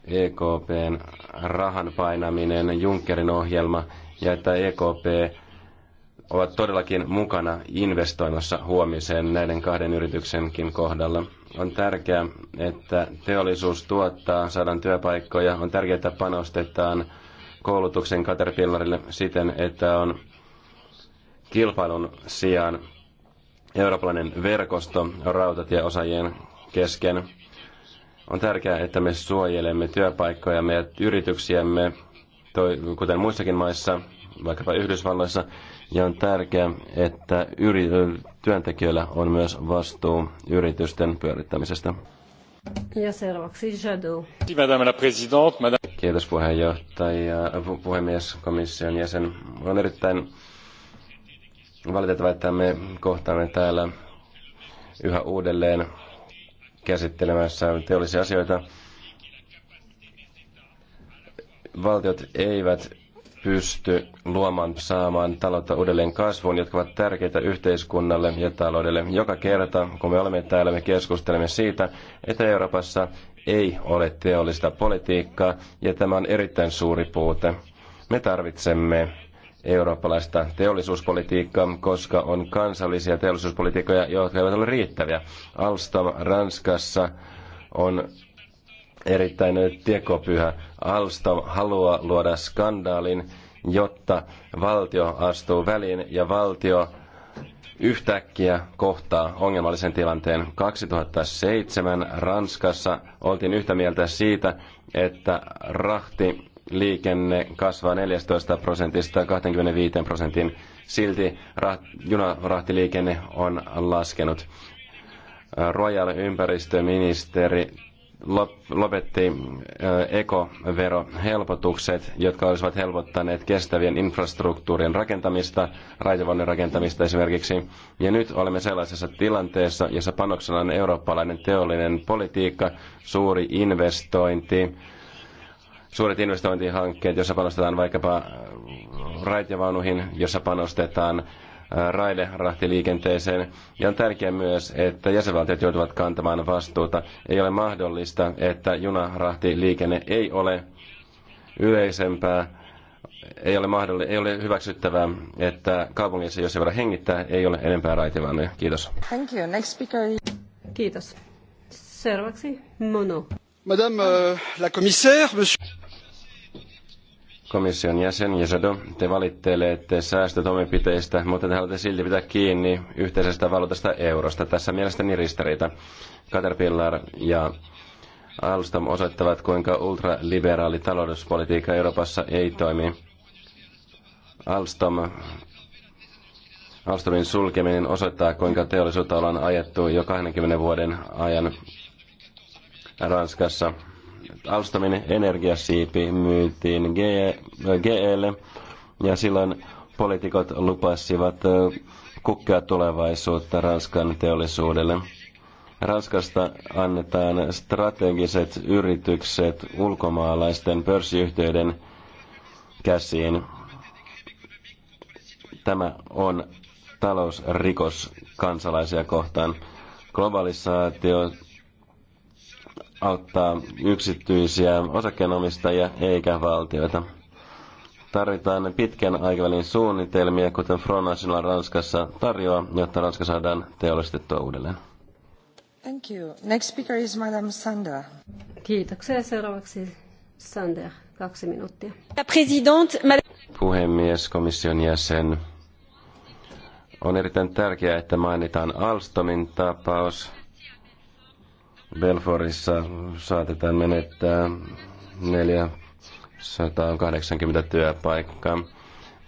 EKPn rahan painaminen, Junckerin ohjelma ja että EKP ovat todellakin mukana investoimassa huomiseen näiden kahden yrityksenkin kohdalla. On tärkeää, että teollisuus tuottaa, saadaan työpaikkoja. On tärkeää, että panostetaan koulutuksen Caterpillarille siten, että on kilpailun sijaan eurooppalainen verkosto rautatieosaajien kesken. On tärkeää, että me suojelemme työpaikkojamme ja yrityksiämme, toi, kuten muissakin maissa, vaikkapa Yhdysvalloissa, ja on tärkeää, että yri, työntekijöillä on myös vastuu yritysten pyörittämisestä. Ja seuraavaksi Jadot. Kiitos puheenjohtaja, puhemies, komission jäsen. On erittäin valitettava, että me kohtaamme täällä yhä uudelleen käsittelemässä teollisia asioita. Valtiot eivät pysty luomaan saamaan taloutta uudelleen kasvuun, jotka ovat tärkeitä yhteiskunnalle ja taloudelle. Joka kerta, kun me olemme täällä, me keskustelemme siitä, että Euroopassa ei ole teollista politiikkaa, ja tämä on erittäin suuri puute. Me tarvitsemme eurooppalaista teollisuuspolitiikkaa, koska on kansallisia teollisuuspolitiikkoja, jotka eivät ole riittäviä. Alstom Ranskassa on erittäin tekopyhä. Alstom haluaa luoda skandaalin, jotta valtio astuu väliin ja valtio yhtäkkiä kohtaa ongelmallisen tilanteen. 2007 Ranskassa oltiin yhtä mieltä siitä, että rahti liikenne kasvaa 14 prosentista 25 prosentin. Silti raht- junarahtiliikenne on laskenut. Royal ympäristöministeri lopetti ekoverohelpotukset, jotka olisivat helpottaneet kestävien infrastruktuurien rakentamista, raitevaunin rakentamista esimerkiksi. Ja nyt olemme sellaisessa tilanteessa, jossa panoksena on eurooppalainen teollinen politiikka, suuri investointi, suuret investointihankkeet, joissa panostetaan vaikkapa äh, raitevaunuihin, jossa panostetaan äh, raiderahtiliikenteeseen. Ja on tärkeää myös, että jäsenvaltiot joutuvat kantamaan vastuuta. Ei ole mahdollista, että junarahtiliikenne ei ole yleisempää. Ei ole, mahdollista, ei ole hyväksyttävää, että kaupungissa, jos ei voida hengittää, ei ole enempää raitevaunuja. Kiitos. Thank you. Next speaker. Kiitos. Seuraavaksi Mono. Madame euh, la commissaire, monsieur komission jäsen Jesado, te valittelette säästötoimenpiteistä, mutta te haluatte silti pitää kiinni yhteisestä valuutasta eurosta. Tässä mielestäni ristiriita. Caterpillar ja Alstom osoittavat, kuinka ultraliberaali talouspolitiikka Euroopassa ei toimi. Alstom, Alstomin sulkeminen osoittaa, kuinka teollisuutta ollaan ajettu jo 20 vuoden ajan Ranskassa Alstomin energiasiipi myytiin GElle e, ja silloin poliitikot lupasivat kukkea tulevaisuutta Ranskan teollisuudelle. Ranskasta annetaan strategiset yritykset ulkomaalaisten pörssiyhtiöiden käsiin. Tämä on talousrikos kansalaisia kohtaan. Globalisaatio auttaa yksityisiä osakkeenomistajia eikä valtioita. Tarvitaan pitkän aikavälin suunnitelmia, kuten Front National Ranskassa tarjoaa, jotta Ranska saadaan teollistettua uudelleen. Thank you. Next speaker is Madame Sander. Kiitoksia. Seuraavaksi Sander, kaksi minuuttia. Puhemies, komission jäsen. On erittäin tärkeää, että mainitaan Alstomin tapaus, Belforissa saatetaan menettää 480 työpaikkaa.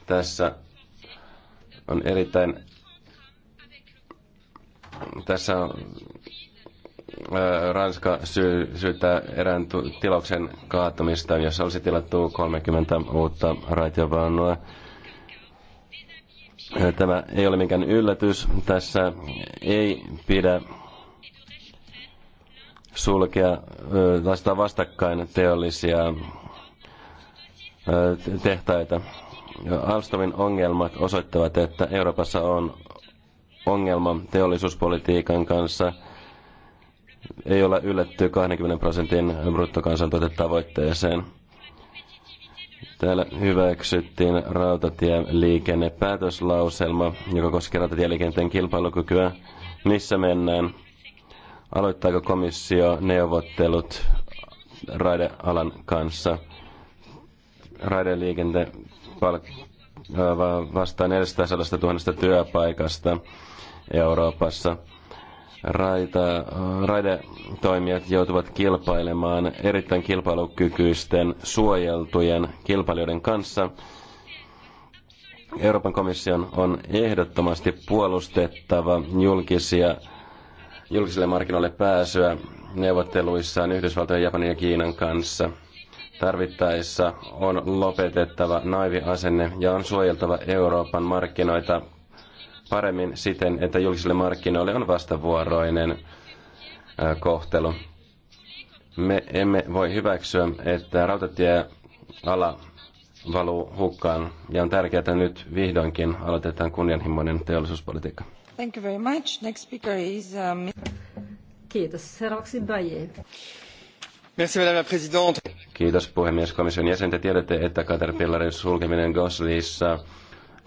Tässä on erittäin... Tässä on, Ranska syy, syyttää erään tilauksen kaatumista, jossa olisi tilattu 30 uutta raitiovaunua. Tämä ei ole mikään yllätys. Tässä ei pidä sulkea tai vastakkain teollisia tehtaita. Alstomin ongelmat osoittavat, että Euroopassa on ongelma teollisuuspolitiikan kanssa. Ei ole yllätty 20 prosentin bruttokansantuotetavoitteeseen. Täällä hyväksyttiin rautatieliikennepäätöslauselma, joka koskee rautatieliikenteen kilpailukykyä. Missä mennään? Aloittaako komissio neuvottelut raidealan kanssa? Raideliikente vastaan 400 000 työpaikasta Euroopassa raita, raidetoimijat joutuvat kilpailemaan erittäin kilpailukykyisten suojeltujen kilpailijoiden kanssa. Euroopan komission on ehdottomasti puolustettava julkisia julkisille markkinoille pääsyä neuvotteluissaan Yhdysvaltojen, Japanin ja Kiinan kanssa. Tarvittaessa on lopetettava naiviasenne ja on suojeltava Euroopan markkinoita paremmin siten, että julkisille markkinoille on vastavuoroinen kohtelu. Me emme voi hyväksyä, että rautatieala valuu hukkaan ja on tärkeää, että nyt vihdoinkin aloitetaan kunnianhimoinen teollisuuspolitiikka. Thank you very much. Next speaker is, uh, Kiitos. Seuraavaksi Baye. madame la présidente. Kiitos puhemies komission jäsen. Te tiedätte, että Caterpillarin sulkeminen Gosselissa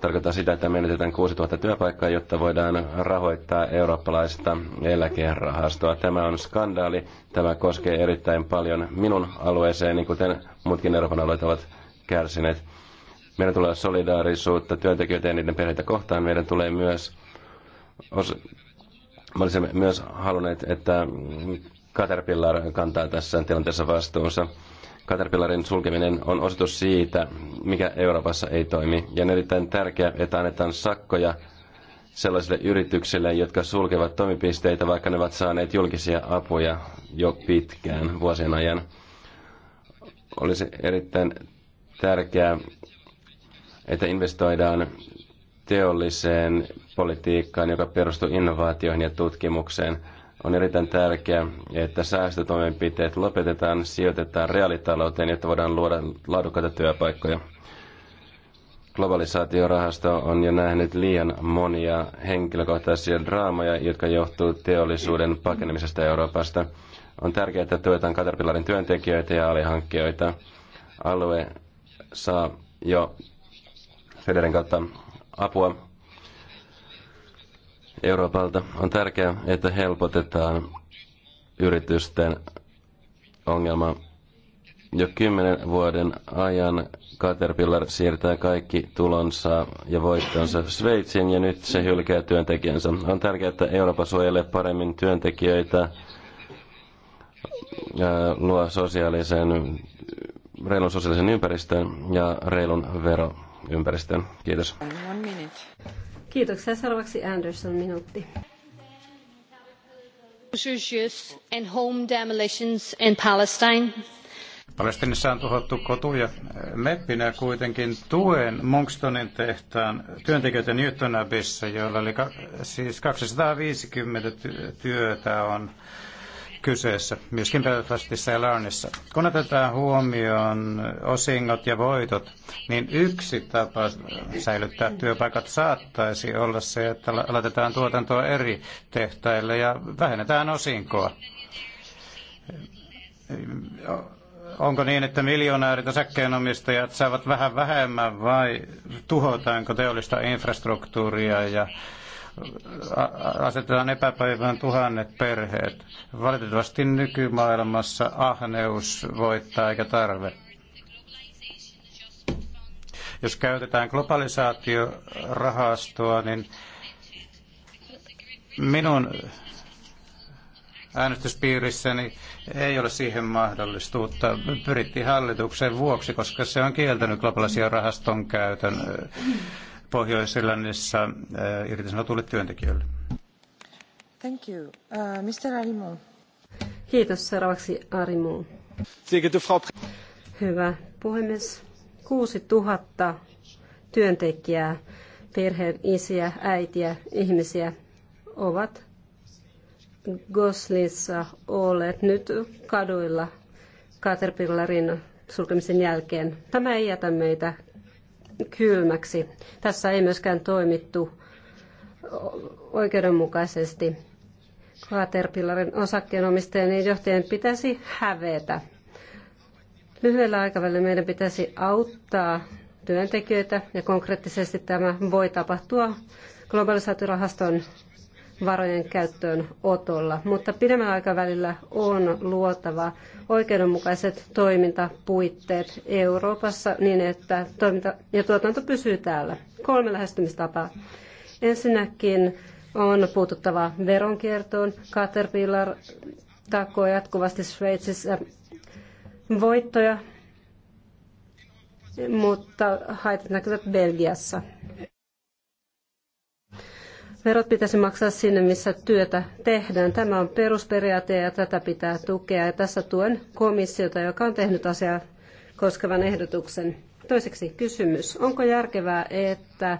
tarkoittaa sitä, että menetetään 6000 työpaikkaa, jotta voidaan rahoittaa eurooppalaista eläkerahastoa. Tämä on skandaali. Tämä koskee erittäin paljon minun alueeseeni, kuten muutkin Euroopan alueet ovat kärsineet. Meidän tulee solidaarisuutta työntekijöitä ja niiden perheitä kohtaan. Meidän tulee myös me olisimme myös halunneet, että Caterpillar kantaa tässä tilanteessa vastuunsa. Caterpillarin sulkeminen on osoitus siitä, mikä Euroopassa ei toimi. Ja on erittäin tärkeää, että annetaan sakkoja sellaisille yrityksille, jotka sulkevat toimipisteitä, vaikka ne ovat saaneet julkisia apuja jo pitkään vuosien ajan. Olisi erittäin tärkeää, että investoidaan teolliseen politiikkaan, joka perustuu innovaatioihin ja tutkimukseen. On erittäin tärkeää, että säästötoimenpiteet lopetetaan, sijoitetaan reaalitalouteen, jotta voidaan luoda laadukkaita työpaikkoja. Globalisaatiorahasto on jo nähnyt liian monia henkilökohtaisia draamoja, jotka johtuu teollisuuden pakenemisesta Euroopasta. On tärkeää, että tuetaan Caterpillarin työntekijöitä ja alihankkijoita. Alue saa jo Federen kautta apua Euroopalta. On tärkeää, että helpotetaan yritysten ongelmaa. Jo kymmenen vuoden ajan Caterpillar siirtää kaikki tulonsa ja voittonsa Sveitsiin ja nyt se hylkää työntekijänsä. On tärkeää, että Eurooppa suojelee paremmin työntekijöitä, ja luo sosiaalisen, reilun sosiaalisen ympäristön ja reilun vero ympäristöön. Kiitos. Kiitoksia. Seuraavaksi Anderson minuutti. and home demolitions in Palestine. Palestinissa on tuhottu kotuja. Meppinä kuitenkin tuen Monkstonin tehtaan työntekijöitä Newtonabissa, joilla oli ka- siis 250 työtä on kyseessä, myöskin Belfastissa ja Larnissa. Kun otetaan huomioon osingot ja voitot, niin yksi tapa säilyttää työpaikat saattaisi olla se, että laitetaan tuotantoa eri tehtaille ja vähennetään osinkoa. Onko niin, että miljonäärit osakkeenomistajat saavat vähän vähemmän vai tuhotaanko teollista infrastruktuuria ja asetetaan epäpäivään tuhannet perheet. Valitettavasti nykymaailmassa ahneus voittaa eikä tarve. Jos käytetään globalisaatiorahastoa, niin minun äänestyspiirissäni ei ole siihen mahdollisuutta. Pyrittiin hallituksen vuoksi, koska se on kieltänyt globalisaatiorahaston käytön Pohjois-Irlannissa eh, irtisanotuille työntekijöille. Thank you. Uh, Mr. Arimo. Kiitos. Seuraavaksi Arimo. Hyvä puhemies. 6 000 työntekijää, perheen isiä, äitiä, ihmisiä ovat Goslissa olleet nyt kaduilla Caterpillarin sulkemisen jälkeen. Tämä ei jätä meitä kylmäksi. Tässä ei myöskään toimittu oikeudenmukaisesti. Caterpillarin osakkeenomistajien ja johtajien pitäisi hävetä. Lyhyellä aikavälillä meidän pitäisi auttaa työntekijöitä ja konkreettisesti tämä voi tapahtua globalisaatiorahaston varojen käyttöön otolla, mutta pidemmällä aikavälillä on luotava oikeudenmukaiset toimintapuitteet Euroopassa niin, että toiminta ja tuotanto pysyy täällä. Kolme lähestymistapaa. Ensinnäkin on puututtava veronkiertoon. Caterpillar takoo jatkuvasti Sveitsissä voittoja, mutta haitat näkyvät Belgiassa. Verot pitäisi maksaa sinne, missä työtä tehdään. Tämä on perusperiaate ja tätä pitää tukea. Ja tässä tuen komissiota, joka on tehnyt asiaa koskevan ehdotuksen. Toiseksi kysymys. Onko järkevää, että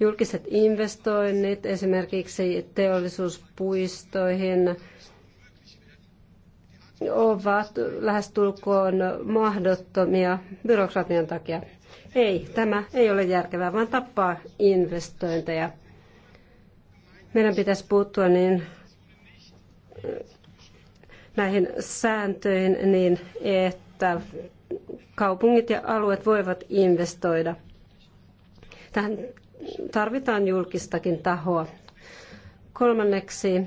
julkiset investoinnit esimerkiksi teollisuuspuistoihin ovat lähestulkoon mahdottomia byrokratian takia? Ei, tämä ei ole järkevää, vaan tappaa investointeja. Meidän pitäisi puuttua niin näihin sääntöihin niin, että kaupungit ja alueet voivat investoida. Tähän tarvitaan julkistakin tahoa. Kolmanneksi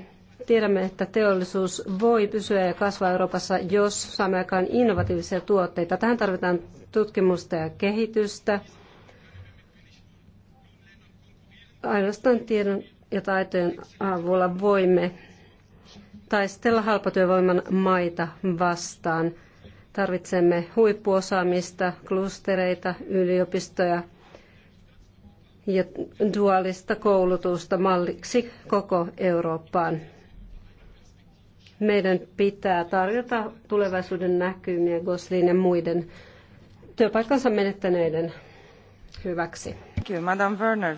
tiedämme, että teollisuus voi pysyä ja kasvaa Euroopassa, jos saamme aikaan innovatiivisia tuotteita. Tähän tarvitaan tutkimusta ja kehitystä. Ainoastaan tiedon ja taitojen avulla voimme taistella halpatyövoiman maita vastaan. Tarvitsemme huippuosaamista, klustereita, yliopistoja ja duaalista koulutusta malliksi koko Eurooppaan. Meidän pitää tarjota tulevaisuuden näkymiä Goslin ja muiden työpaikkansa menettäneiden hyväksi. Kiitos, Madame Werner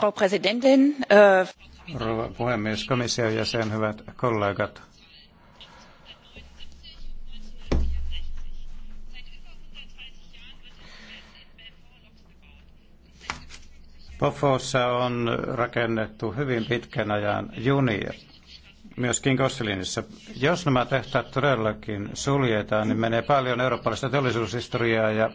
arvoisa äh, puhemies, komission jäsen, hyvät kollegat. Pofossa on rakennettu hyvin pitkän ajan junia myöskin Gosselinissa. Jos nämä tehtaat todellakin suljetaan, niin menee paljon eurooppalaista teollisuushistoriaa ja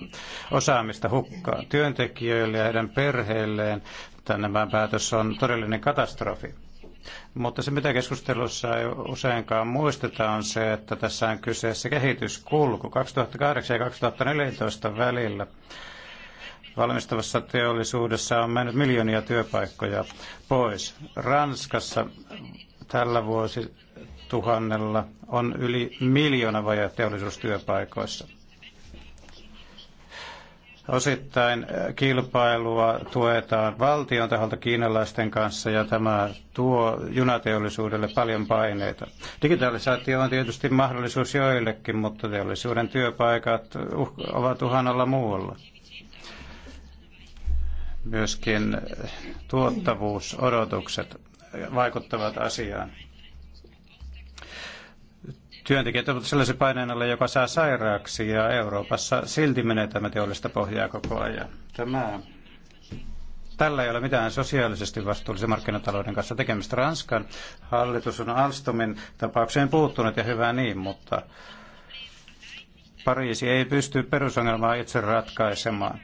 osaamista hukkaan työntekijöille ja heidän perheilleen. Tämä päätös on todellinen katastrofi. Mutta se, mitä keskustelussa ei useinkaan muisteta, on se, että tässä on kyseessä kehityskulku 2008 ja 2014 välillä. Valmistavassa teollisuudessa on mennyt miljoonia työpaikkoja pois. Ranskassa tällä vuosituhannella on yli miljoona vajaa teollisuustyöpaikoissa. Osittain kilpailua tuetaan valtion taholta kiinalaisten kanssa ja tämä tuo junateollisuudelle paljon paineita. Digitalisaatio on tietysti mahdollisuus joillekin, mutta teollisuuden työpaikat uh, ovat uhanalla muualla. Myöskin tuottavuusodotukset vaikuttavat asiaan. Työntekijät ovat sellaisen paineen alle, joka saa sairaaksi ja Euroopassa silti menetämme teollista pohjaa koko ajan. Tämä tällä ei ole mitään sosiaalisesti vastuullisen markkinatalouden kanssa tekemistä. Ranskan hallitus on Alstomin tapaukseen puuttunut ja hyvä niin, mutta Pariisi ei pysty perusongelmaa itse ratkaisemaan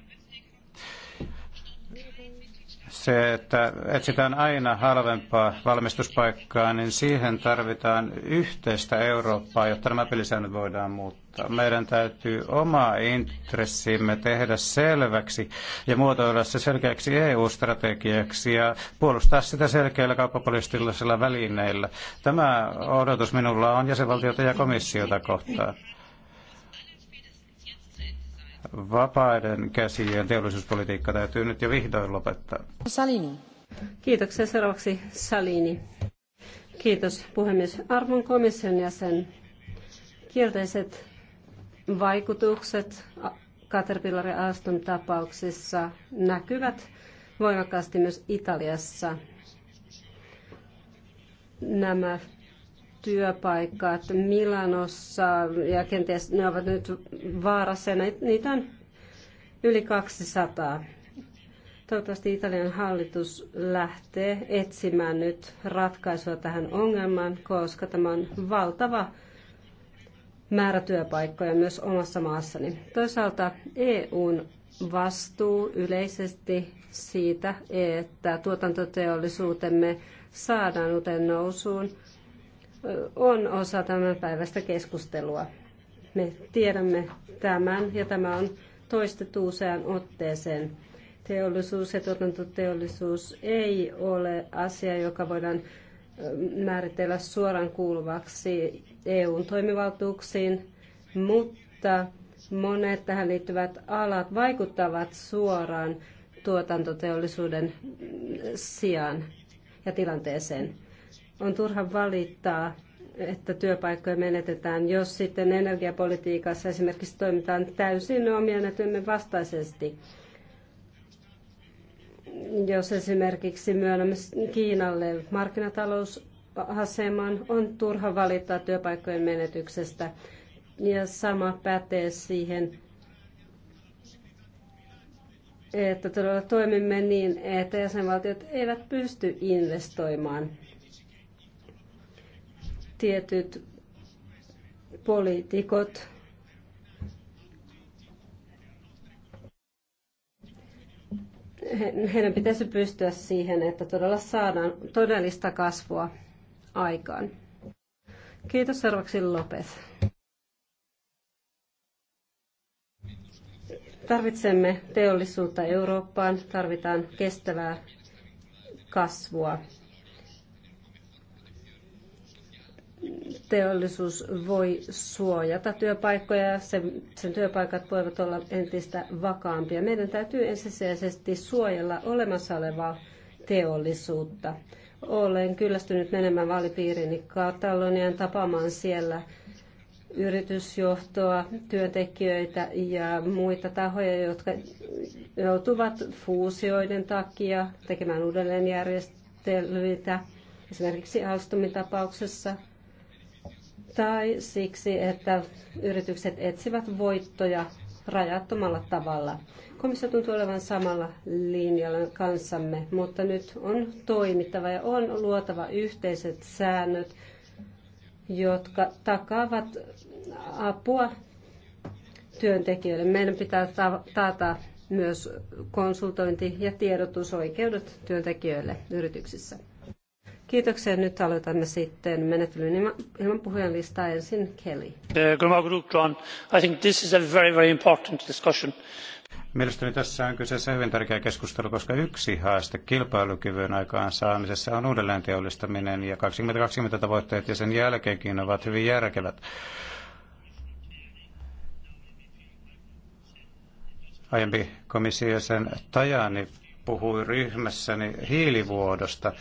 se, että etsitään aina halvempaa valmistuspaikkaa, niin siihen tarvitaan yhteistä Eurooppaa, jotta nämä pelisäännöt voidaan muuttaa. Meidän täytyy oma intressimme tehdä selväksi ja muotoilla se selkeäksi EU-strategiaksi ja puolustaa sitä selkeillä kauppapoliittisilla välineillä. Tämä odotus minulla on jäsenvaltiota ja komissiota kohtaan vapaiden käsien teollisuuspolitiikka täytyy nyt jo vihdoin lopettaa. Salini. Kiitoksia seuraavaksi Salini. Kiitos puhemies. Arvon komission jäsen, kielteiset vaikutukset Caterpillar ja Aston tapauksissa näkyvät voimakkaasti myös Italiassa. Nämä työpaikat Milanossa ja kenties ne ovat nyt vaarassa. Niitä on yli 200. Toivottavasti Italian hallitus lähtee etsimään nyt ratkaisua tähän ongelmaan, koska tämä on valtava määrä työpaikkoja myös omassa maassani. Toisaalta EUn vastuu yleisesti siitä, että tuotantoteollisuutemme saadaan uuteen nousuun – on osa tämän päivästä keskustelua. Me tiedämme tämän ja tämä on toistettu useaan otteeseen. Teollisuus ja tuotantoteollisuus ei ole asia, joka voidaan määritellä suoraan kuuluvaksi EUn toimivaltuuksiin, mutta monet tähän liittyvät alat vaikuttavat suoraan tuotantoteollisuuden sijaan ja tilanteeseen. On turha valittaa, että työpaikkoja menetetään, jos sitten energiapolitiikassa esimerkiksi toimitaan täysin omien etujemme vastaisesti. Jos esimerkiksi myönnämme Kiinalle markkinatalousaseman, on turha valittaa työpaikkojen menetyksestä. Ja sama pätee siihen, että todella toimimme niin, että jäsenvaltiot eivät pysty investoimaan tietyt poliitikot heidän pitäisi pystyä siihen, että todella saadaan todellista kasvua aikaan. Kiitos seuraavaksi Lopez. Tarvitsemme teollisuutta Eurooppaan, tarvitaan kestävää kasvua. teollisuus voi suojata työpaikkoja ja sen, sen työpaikat voivat olla entistä vakaampia. Meidän täytyy ensisijaisesti suojella olemassa olevaa teollisuutta. Olen kyllästynyt menemään vaalipiirini Katalonian tapaamaan siellä yritysjohtoa, työntekijöitä ja muita tahoja, jotka joutuvat fuusioiden takia tekemään uudelleenjärjestelyitä. Esimerkiksi Alstomin tapauksessa tai siksi, että yritykset etsivät voittoja rajattomalla tavalla. Komissio tuntuu olevan samalla linjalla kanssamme, mutta nyt on toimittava ja on luotava yhteiset säännöt, jotka takaavat apua työntekijöille. Meidän pitää taata myös konsultointi- ja tiedotusoikeudet työntekijöille yrityksissä. Kiitoksia. Nyt aloitamme sitten menettelyn ilman puhujan listaa ensin Kelly. Eh, I think this is a very, very important discussion. Mielestäni tässä on kyseessä hyvin tärkeä keskustelu, koska yksi haaste kilpailukyvyn aikaansaamisessa on uudelleen teollistaminen ja 2020 tavoitteet ja sen jälkeenkin ovat hyvin järkevät. Aiempi komissio sen Tajani puhui ryhmässäni hiilivuodosta,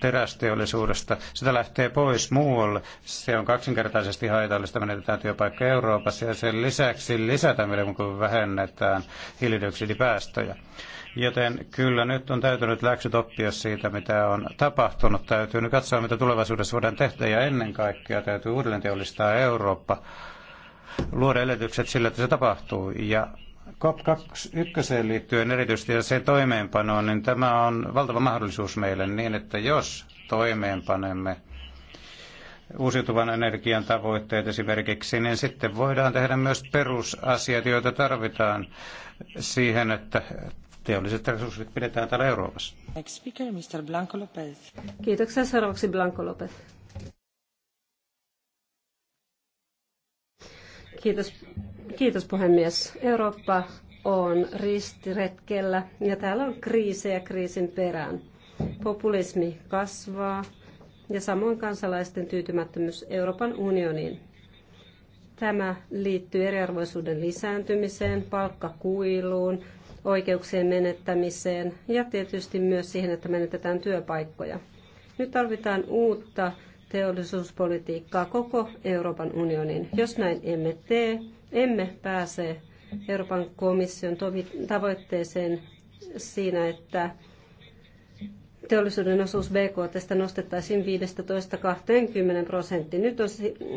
terästeollisuudesta. Sitä lähtee pois muualle. Se on kaksinkertaisesti haitallista. Menetetään työpaikka Euroopassa ja sen lisäksi lisätään vielä, kun vähennetään hiilidioksidipäästöjä. Joten kyllä nyt on täytynyt läksyt oppia siitä, mitä on tapahtunut. Täytyy nyt katsoa, mitä tulevaisuudessa voidaan tehdä ja ennen kaikkea täytyy uudelleen teollistaa Eurooppa luoda edellytykset sille, että se tapahtuu. Ja COP21 liittyen erityisesti ja sen toimeenpanoon, niin tämä on valtava mahdollisuus meille niin, että jos toimeenpanemme uusiutuvan energian tavoitteet esimerkiksi, niin sitten voidaan tehdä myös perusasiat, joita tarvitaan siihen, että teolliset resurssit pidetään täällä Euroopassa. Speaker, Mr. Blanco Lopez. Kiitoksia. Seuraavaksi Blanco Lopez. Kiitos Kiitos puhemies. Eurooppa on ristiretkellä ja täällä on kriisejä kriisin perään. Populismi kasvaa ja samoin kansalaisten tyytymättömyys Euroopan unioniin. Tämä liittyy eriarvoisuuden lisääntymiseen, palkkakuiluun, oikeuksien menettämiseen ja tietysti myös siihen, että menetetään työpaikkoja. Nyt tarvitaan uutta teollisuuspolitiikkaa koko Euroopan unionin. Jos näin emme tee, emme pääse Euroopan komission tavoitteeseen siinä, että teollisuuden osuus BKTstä nostettaisiin 15-20 prosenttia. Nyt on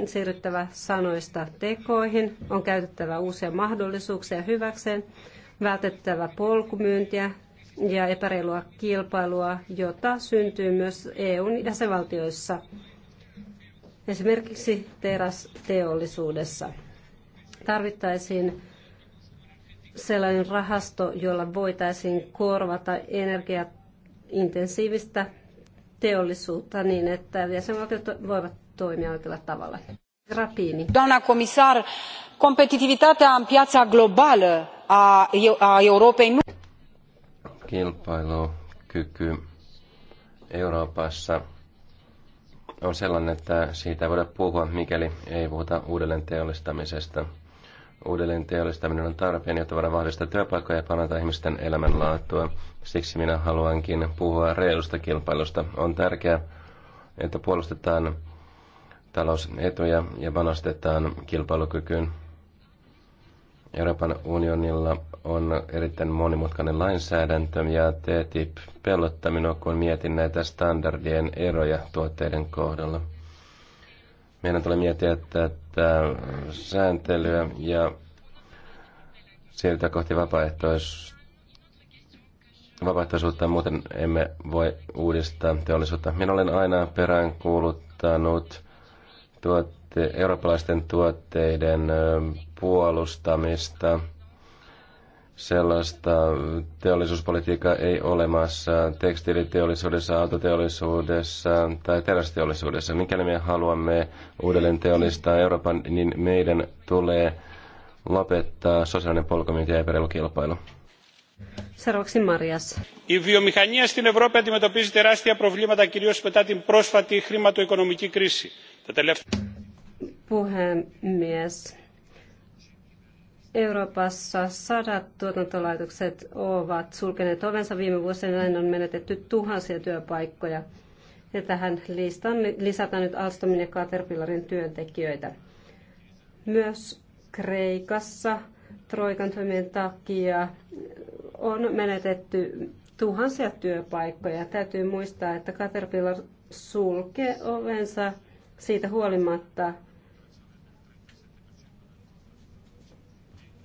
siirryttävä sanoista tekoihin, on käytettävä uusia mahdollisuuksia hyväkseen, vältettävä polkumyyntiä ja epäreilua kilpailua, jota syntyy myös EUn jäsenvaltioissa – esimerkiksi terästeollisuudessa. Tarvittaisiin sellainen rahasto, jolla voitaisiin korvata energiaintensiivistä teollisuutta niin, että jäsenvaltiot voivat toimia oikealla tavalla. Rapini. Doamna komissar, competitivitatea în piața globală a, a Europei nu... Kilpailukyky Euroopassa on sellainen, että siitä ei voida puhua, mikäli ei puhuta uudelleen teollistamisesta. Uudelleen teollistaminen on tarpeen, jotta voidaan vahvistaa työpaikkoja ja parantaa ihmisten elämänlaatua. Siksi minä haluankin puhua reilusta kilpailusta. On tärkeää, että puolustetaan talousetuja ja panostetaan kilpailukykyyn. Euroopan unionilla on erittäin monimutkainen lainsäädäntö ja TTIP pelottaa minua, kun mietin näitä standardien eroja tuotteiden kohdalla. Meidän tulee miettiä tätä sääntelyä ja siirtyä kohti vapaaehtois vapaaehtoisuutta, muuten emme voi uudistaa teollisuutta. Minä olen aina peräänkuuluttanut tuotte, eurooppalaisten tuotteiden puolustamista – sellaista teollisuuspolitiikkaa ei olemassa tekstiiliteollisuudessa, autoteollisuudessa tai terästeollisuudessa. Mikäli me haluamme uudelleen teollistaa Euroopan, niin meidän tulee lopettaa sosiaalinen polkuminen ja epäreilu kilpailu. Seuraavaksi Marias. Η βιομηχανία στην Ευρώπη αντιμετωπίζει τεράστια προβλήματα κυρίως μετά την πρόσφατη χρηματοοικονομική κρίση. Τα τελευταία... Puhemies. Euroopassa sadat tuotantolaitokset ovat sulkeneet ovensa viime vuosina, näin on menetetty tuhansia työpaikkoja. Ja tähän listaan lisätään nyt Alstomin ja Caterpillarin työntekijöitä. Myös Kreikassa Troikan toimien takia on menetetty tuhansia työpaikkoja. Täytyy muistaa, että Caterpillar sulkee ovensa siitä huolimatta,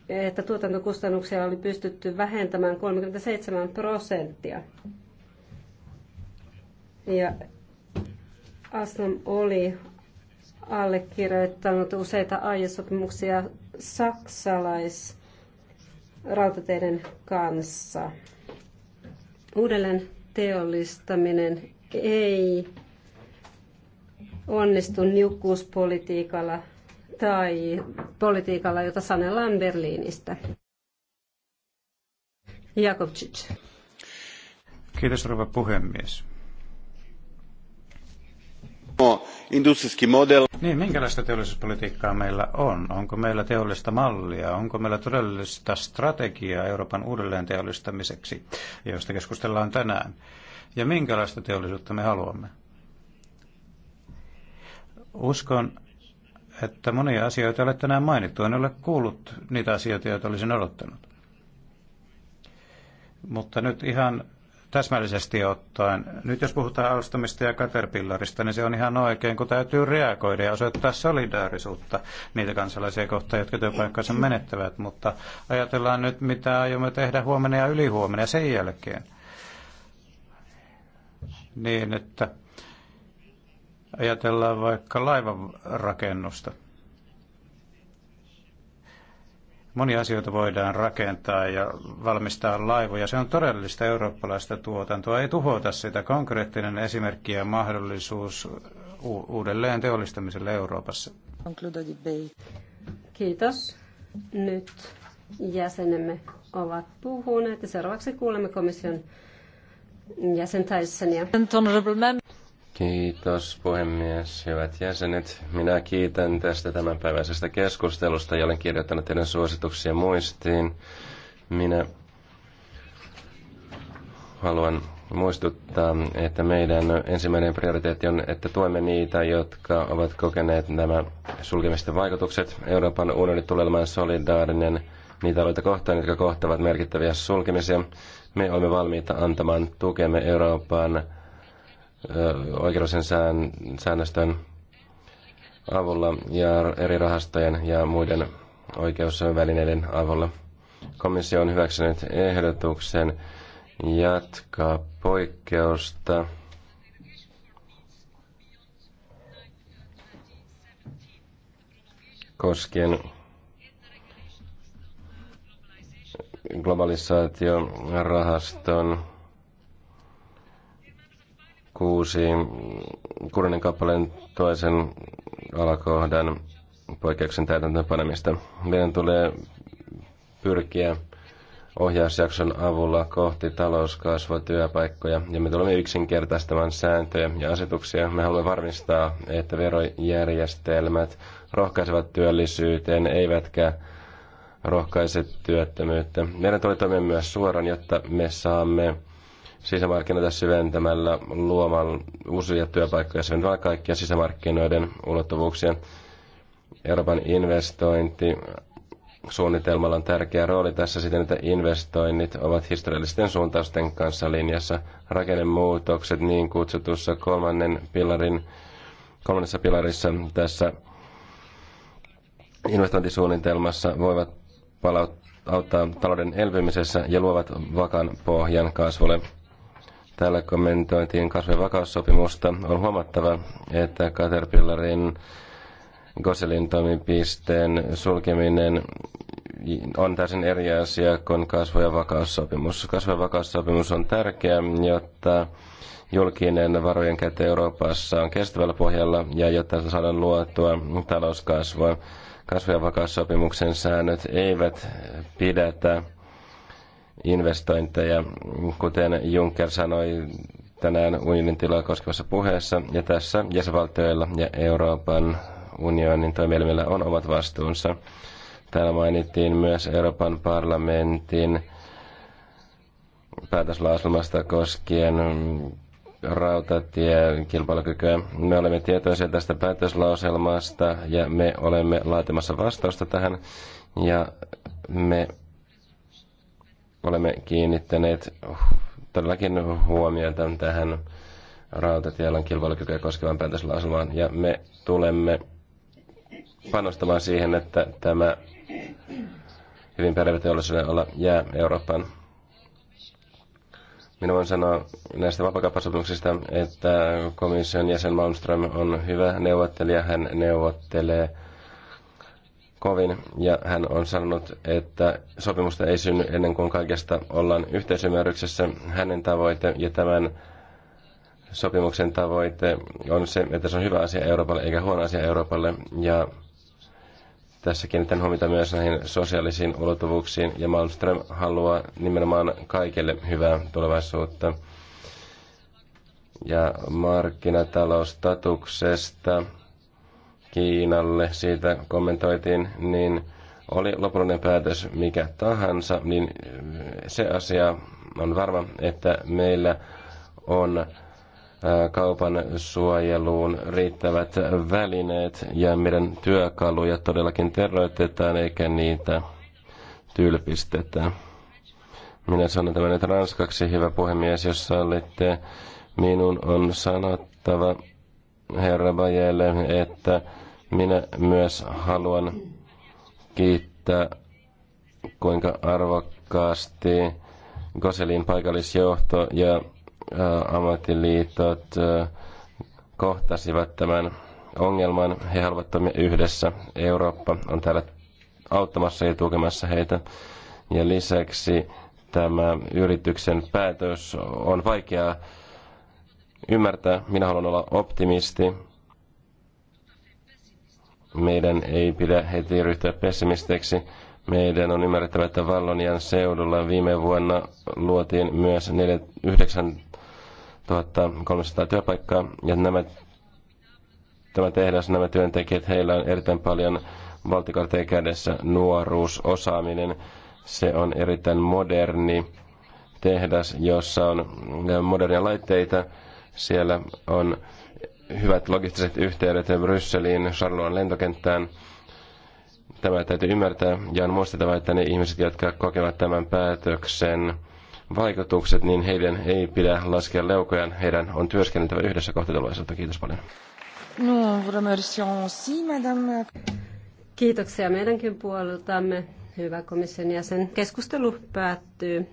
että tuotantokustannuksia oli pystytty vähentämään 37 prosenttia. Ja Aslam oli allekirjoittanut useita aiesopimuksia saksalais rautateiden kanssa. Uudelleen teollistaminen ei onnistu niukkuuspolitiikalla – tai politiikalla, jota sanellaan Berliinistä. Jakovčić. Kiitos rouva puhemies. model. Niin, minkälaista teollisuuspolitiikkaa meillä on? Onko meillä teollista mallia? Onko meillä todellista strategiaa Euroopan uudelleen teollistamiseksi, josta keskustellaan tänään? Ja minkälaista teollisuutta me haluamme? Uskon, että monia asioita olet tänään mainittu. En ole kuullut niitä asioita, joita olisin odottanut. Mutta nyt ihan täsmällisesti ottaen, nyt jos puhutaan alustamista ja Caterpillarista, niin se on ihan oikein, kun täytyy reagoida ja osoittaa solidaarisuutta niitä kansalaisia kohtaan, jotka työpaikkansa menettävät. Mutta ajatellaan nyt, mitä aiomme tehdä huomenna ja ylihuomenna ja sen jälkeen. Niin, että Ajatellaan vaikka laivan rakennusta. Monia asioita voidaan rakentaa ja valmistaa laivoja. Se on todellista eurooppalaista tuotantoa. Ei tuhota sitä. Konkreettinen esimerkki ja mahdollisuus uudelleen teollistamiselle Euroopassa. Kiitos. Nyt jäsenemme ovat puhuneet ja seuraavaksi kuulemme komission jäsentäisseniä. Kiitos puhemies, hyvät jäsenet. Minä kiitän tästä tämänpäiväisestä keskustelusta ja olen kirjoittanut teidän suosituksia muistiin. Minä haluan muistuttaa, että meidän ensimmäinen prioriteetti on, että tuemme niitä, jotka ovat kokeneet nämä sulkemisten vaikutukset. Euroopan unioni tulee olemaan solidaarinen niitä aloita kohtaan, jotka kohtavat merkittäviä sulkemisia. Me olemme valmiita antamaan tukemme Euroopan oikeudellisen sään, säännöstön avulla ja eri rahastojen ja muiden oikeusvälineiden avulla. Komissio on hyväksynyt ehdotuksen jatkaa poikkeusta koskien globalisaatiorahaston kuusi, kuudennen kappaleen toisen alakohdan poikkeuksen täytäntöönpanemista. Meidän tulee pyrkiä ohjausjakson avulla kohti talouskasvua, työpaikkoja ja me tulemme yksinkertaistamaan sääntöjä ja asetuksia. Me haluamme varmistaa, että verojärjestelmät rohkaisevat työllisyyteen eivätkä rohkaise työttömyyttä. Meidän tulee toimia myös suoraan, jotta me saamme sisämarkkinoita syventämällä, luomaan uusia työpaikkoja syventämällä kaikkia sisämarkkinoiden ulottuvuuksia. Euroopan investointi suunnitelmalla on tärkeä rooli tässä siten, että investoinnit ovat historiallisten suuntausten kanssa linjassa. Rakennemuutokset niin kutsutussa kolmannen pilarin, kolmannessa pilarissa tässä investointisuunnitelmassa voivat palauttaa auttaa talouden elpymisessä ja luovat vakan pohjan kasvulle. Täällä kommentointiin kasvien vakaussopimusta. On huomattava, että Caterpillarin Goselin toimipisteen sulkeminen on täysin eri asia kuin kasvu- ja vakaussopimus. Kasvu- ja vakaussopimus on tärkeä, jotta julkinen varojen käyttö Euroopassa on kestävällä pohjalla ja jotta saadaan luotua talouskasvua. Kasvu- ja vakaussopimuksen säännöt eivät pidätä investointeja, kuten Juncker sanoi tänään unionin tilaa koskevassa puheessa, ja tässä jäsenvaltioilla ja Euroopan unionin toimielimillä on omat vastuunsa. Täällä mainittiin myös Euroopan parlamentin päätöslauselmasta koskien rautatien kilpailukykyä. Me olemme tietoisia tästä päätöslauselmasta ja me olemme laatimassa vastausta tähän ja me Olemme kiinnittäneet todellakin huomiota tähän rautatielan kilpailukykyä koskevan päätöslauselmaan, ja me tulemme panostamaan siihen, että tämä hyvin pärjävä teollisuuden olla jää Euroopan. Minä voin sanoa näistä vapakauppasopimuksista, että komission jäsen Malmström on hyvä neuvottelija. Hän neuvottelee kovin ja hän on sanonut, että sopimusta ei synny ennen kuin kaikesta ollaan yhteisymmärryksessä. Hänen tavoite ja tämän sopimuksen tavoite on se, että se on hyvä asia Euroopalle eikä huono asia Euroopalle ja tässä kiinnitän huomiota myös näihin sosiaalisiin ulottuvuuksiin ja Malmström haluaa nimenomaan kaikille hyvää tulevaisuutta. Ja markkinataloustatuksesta Kiinalle, siitä kommentoitiin, niin oli lopullinen päätös mikä tahansa, niin eh, se asia on varma, että meillä on eh, kaupan suojeluun riittävät välineet ja meidän työkaluja todellakin terroitetaan eikä niitä tylpistetä. Minä sanon tämän nyt ranskaksi, hyvä puhemies, jos sallitte. Minun on sanottava herra Bajelle, että minä myös haluan kiittää, kuinka arvokkaasti Goselin paikallisjohto ja äh, ammattiliitot äh, kohtasivat tämän ongelman. He haluavat toimia yhdessä. Eurooppa on täällä auttamassa ja tukemassa heitä. Ja lisäksi tämä yrityksen päätös on vaikeaa ymmärtää. Minä haluan olla optimisti meidän ei pidä heti ryhtyä pessimisteiksi. Meidän on ymmärrettävä, että Vallonian seudulla viime vuonna luotiin myös 9300 työpaikkaa, ja nämä, tämä tehdas, nämä työntekijät, heillä on erittäin paljon valtikortteja kädessä nuoruus, osaaminen. Se on erittäin moderni tehdas, jossa on modernia laitteita. Siellä on hyvät logistiset yhteydet Brysseliin, Charloan lentokenttään. Tämä täytyy ymmärtää ja on muistettava, että ne ihmiset, jotka kokevat tämän päätöksen vaikutukset, niin heidän ei pidä laskea leukojaan. Heidän on työskenneltävä yhdessä kohtatulaisuutta. Kiitos paljon. No, Kiitoksia meidänkin puoleltamme. Hyvä komission jäsen. Keskustelu päättyy.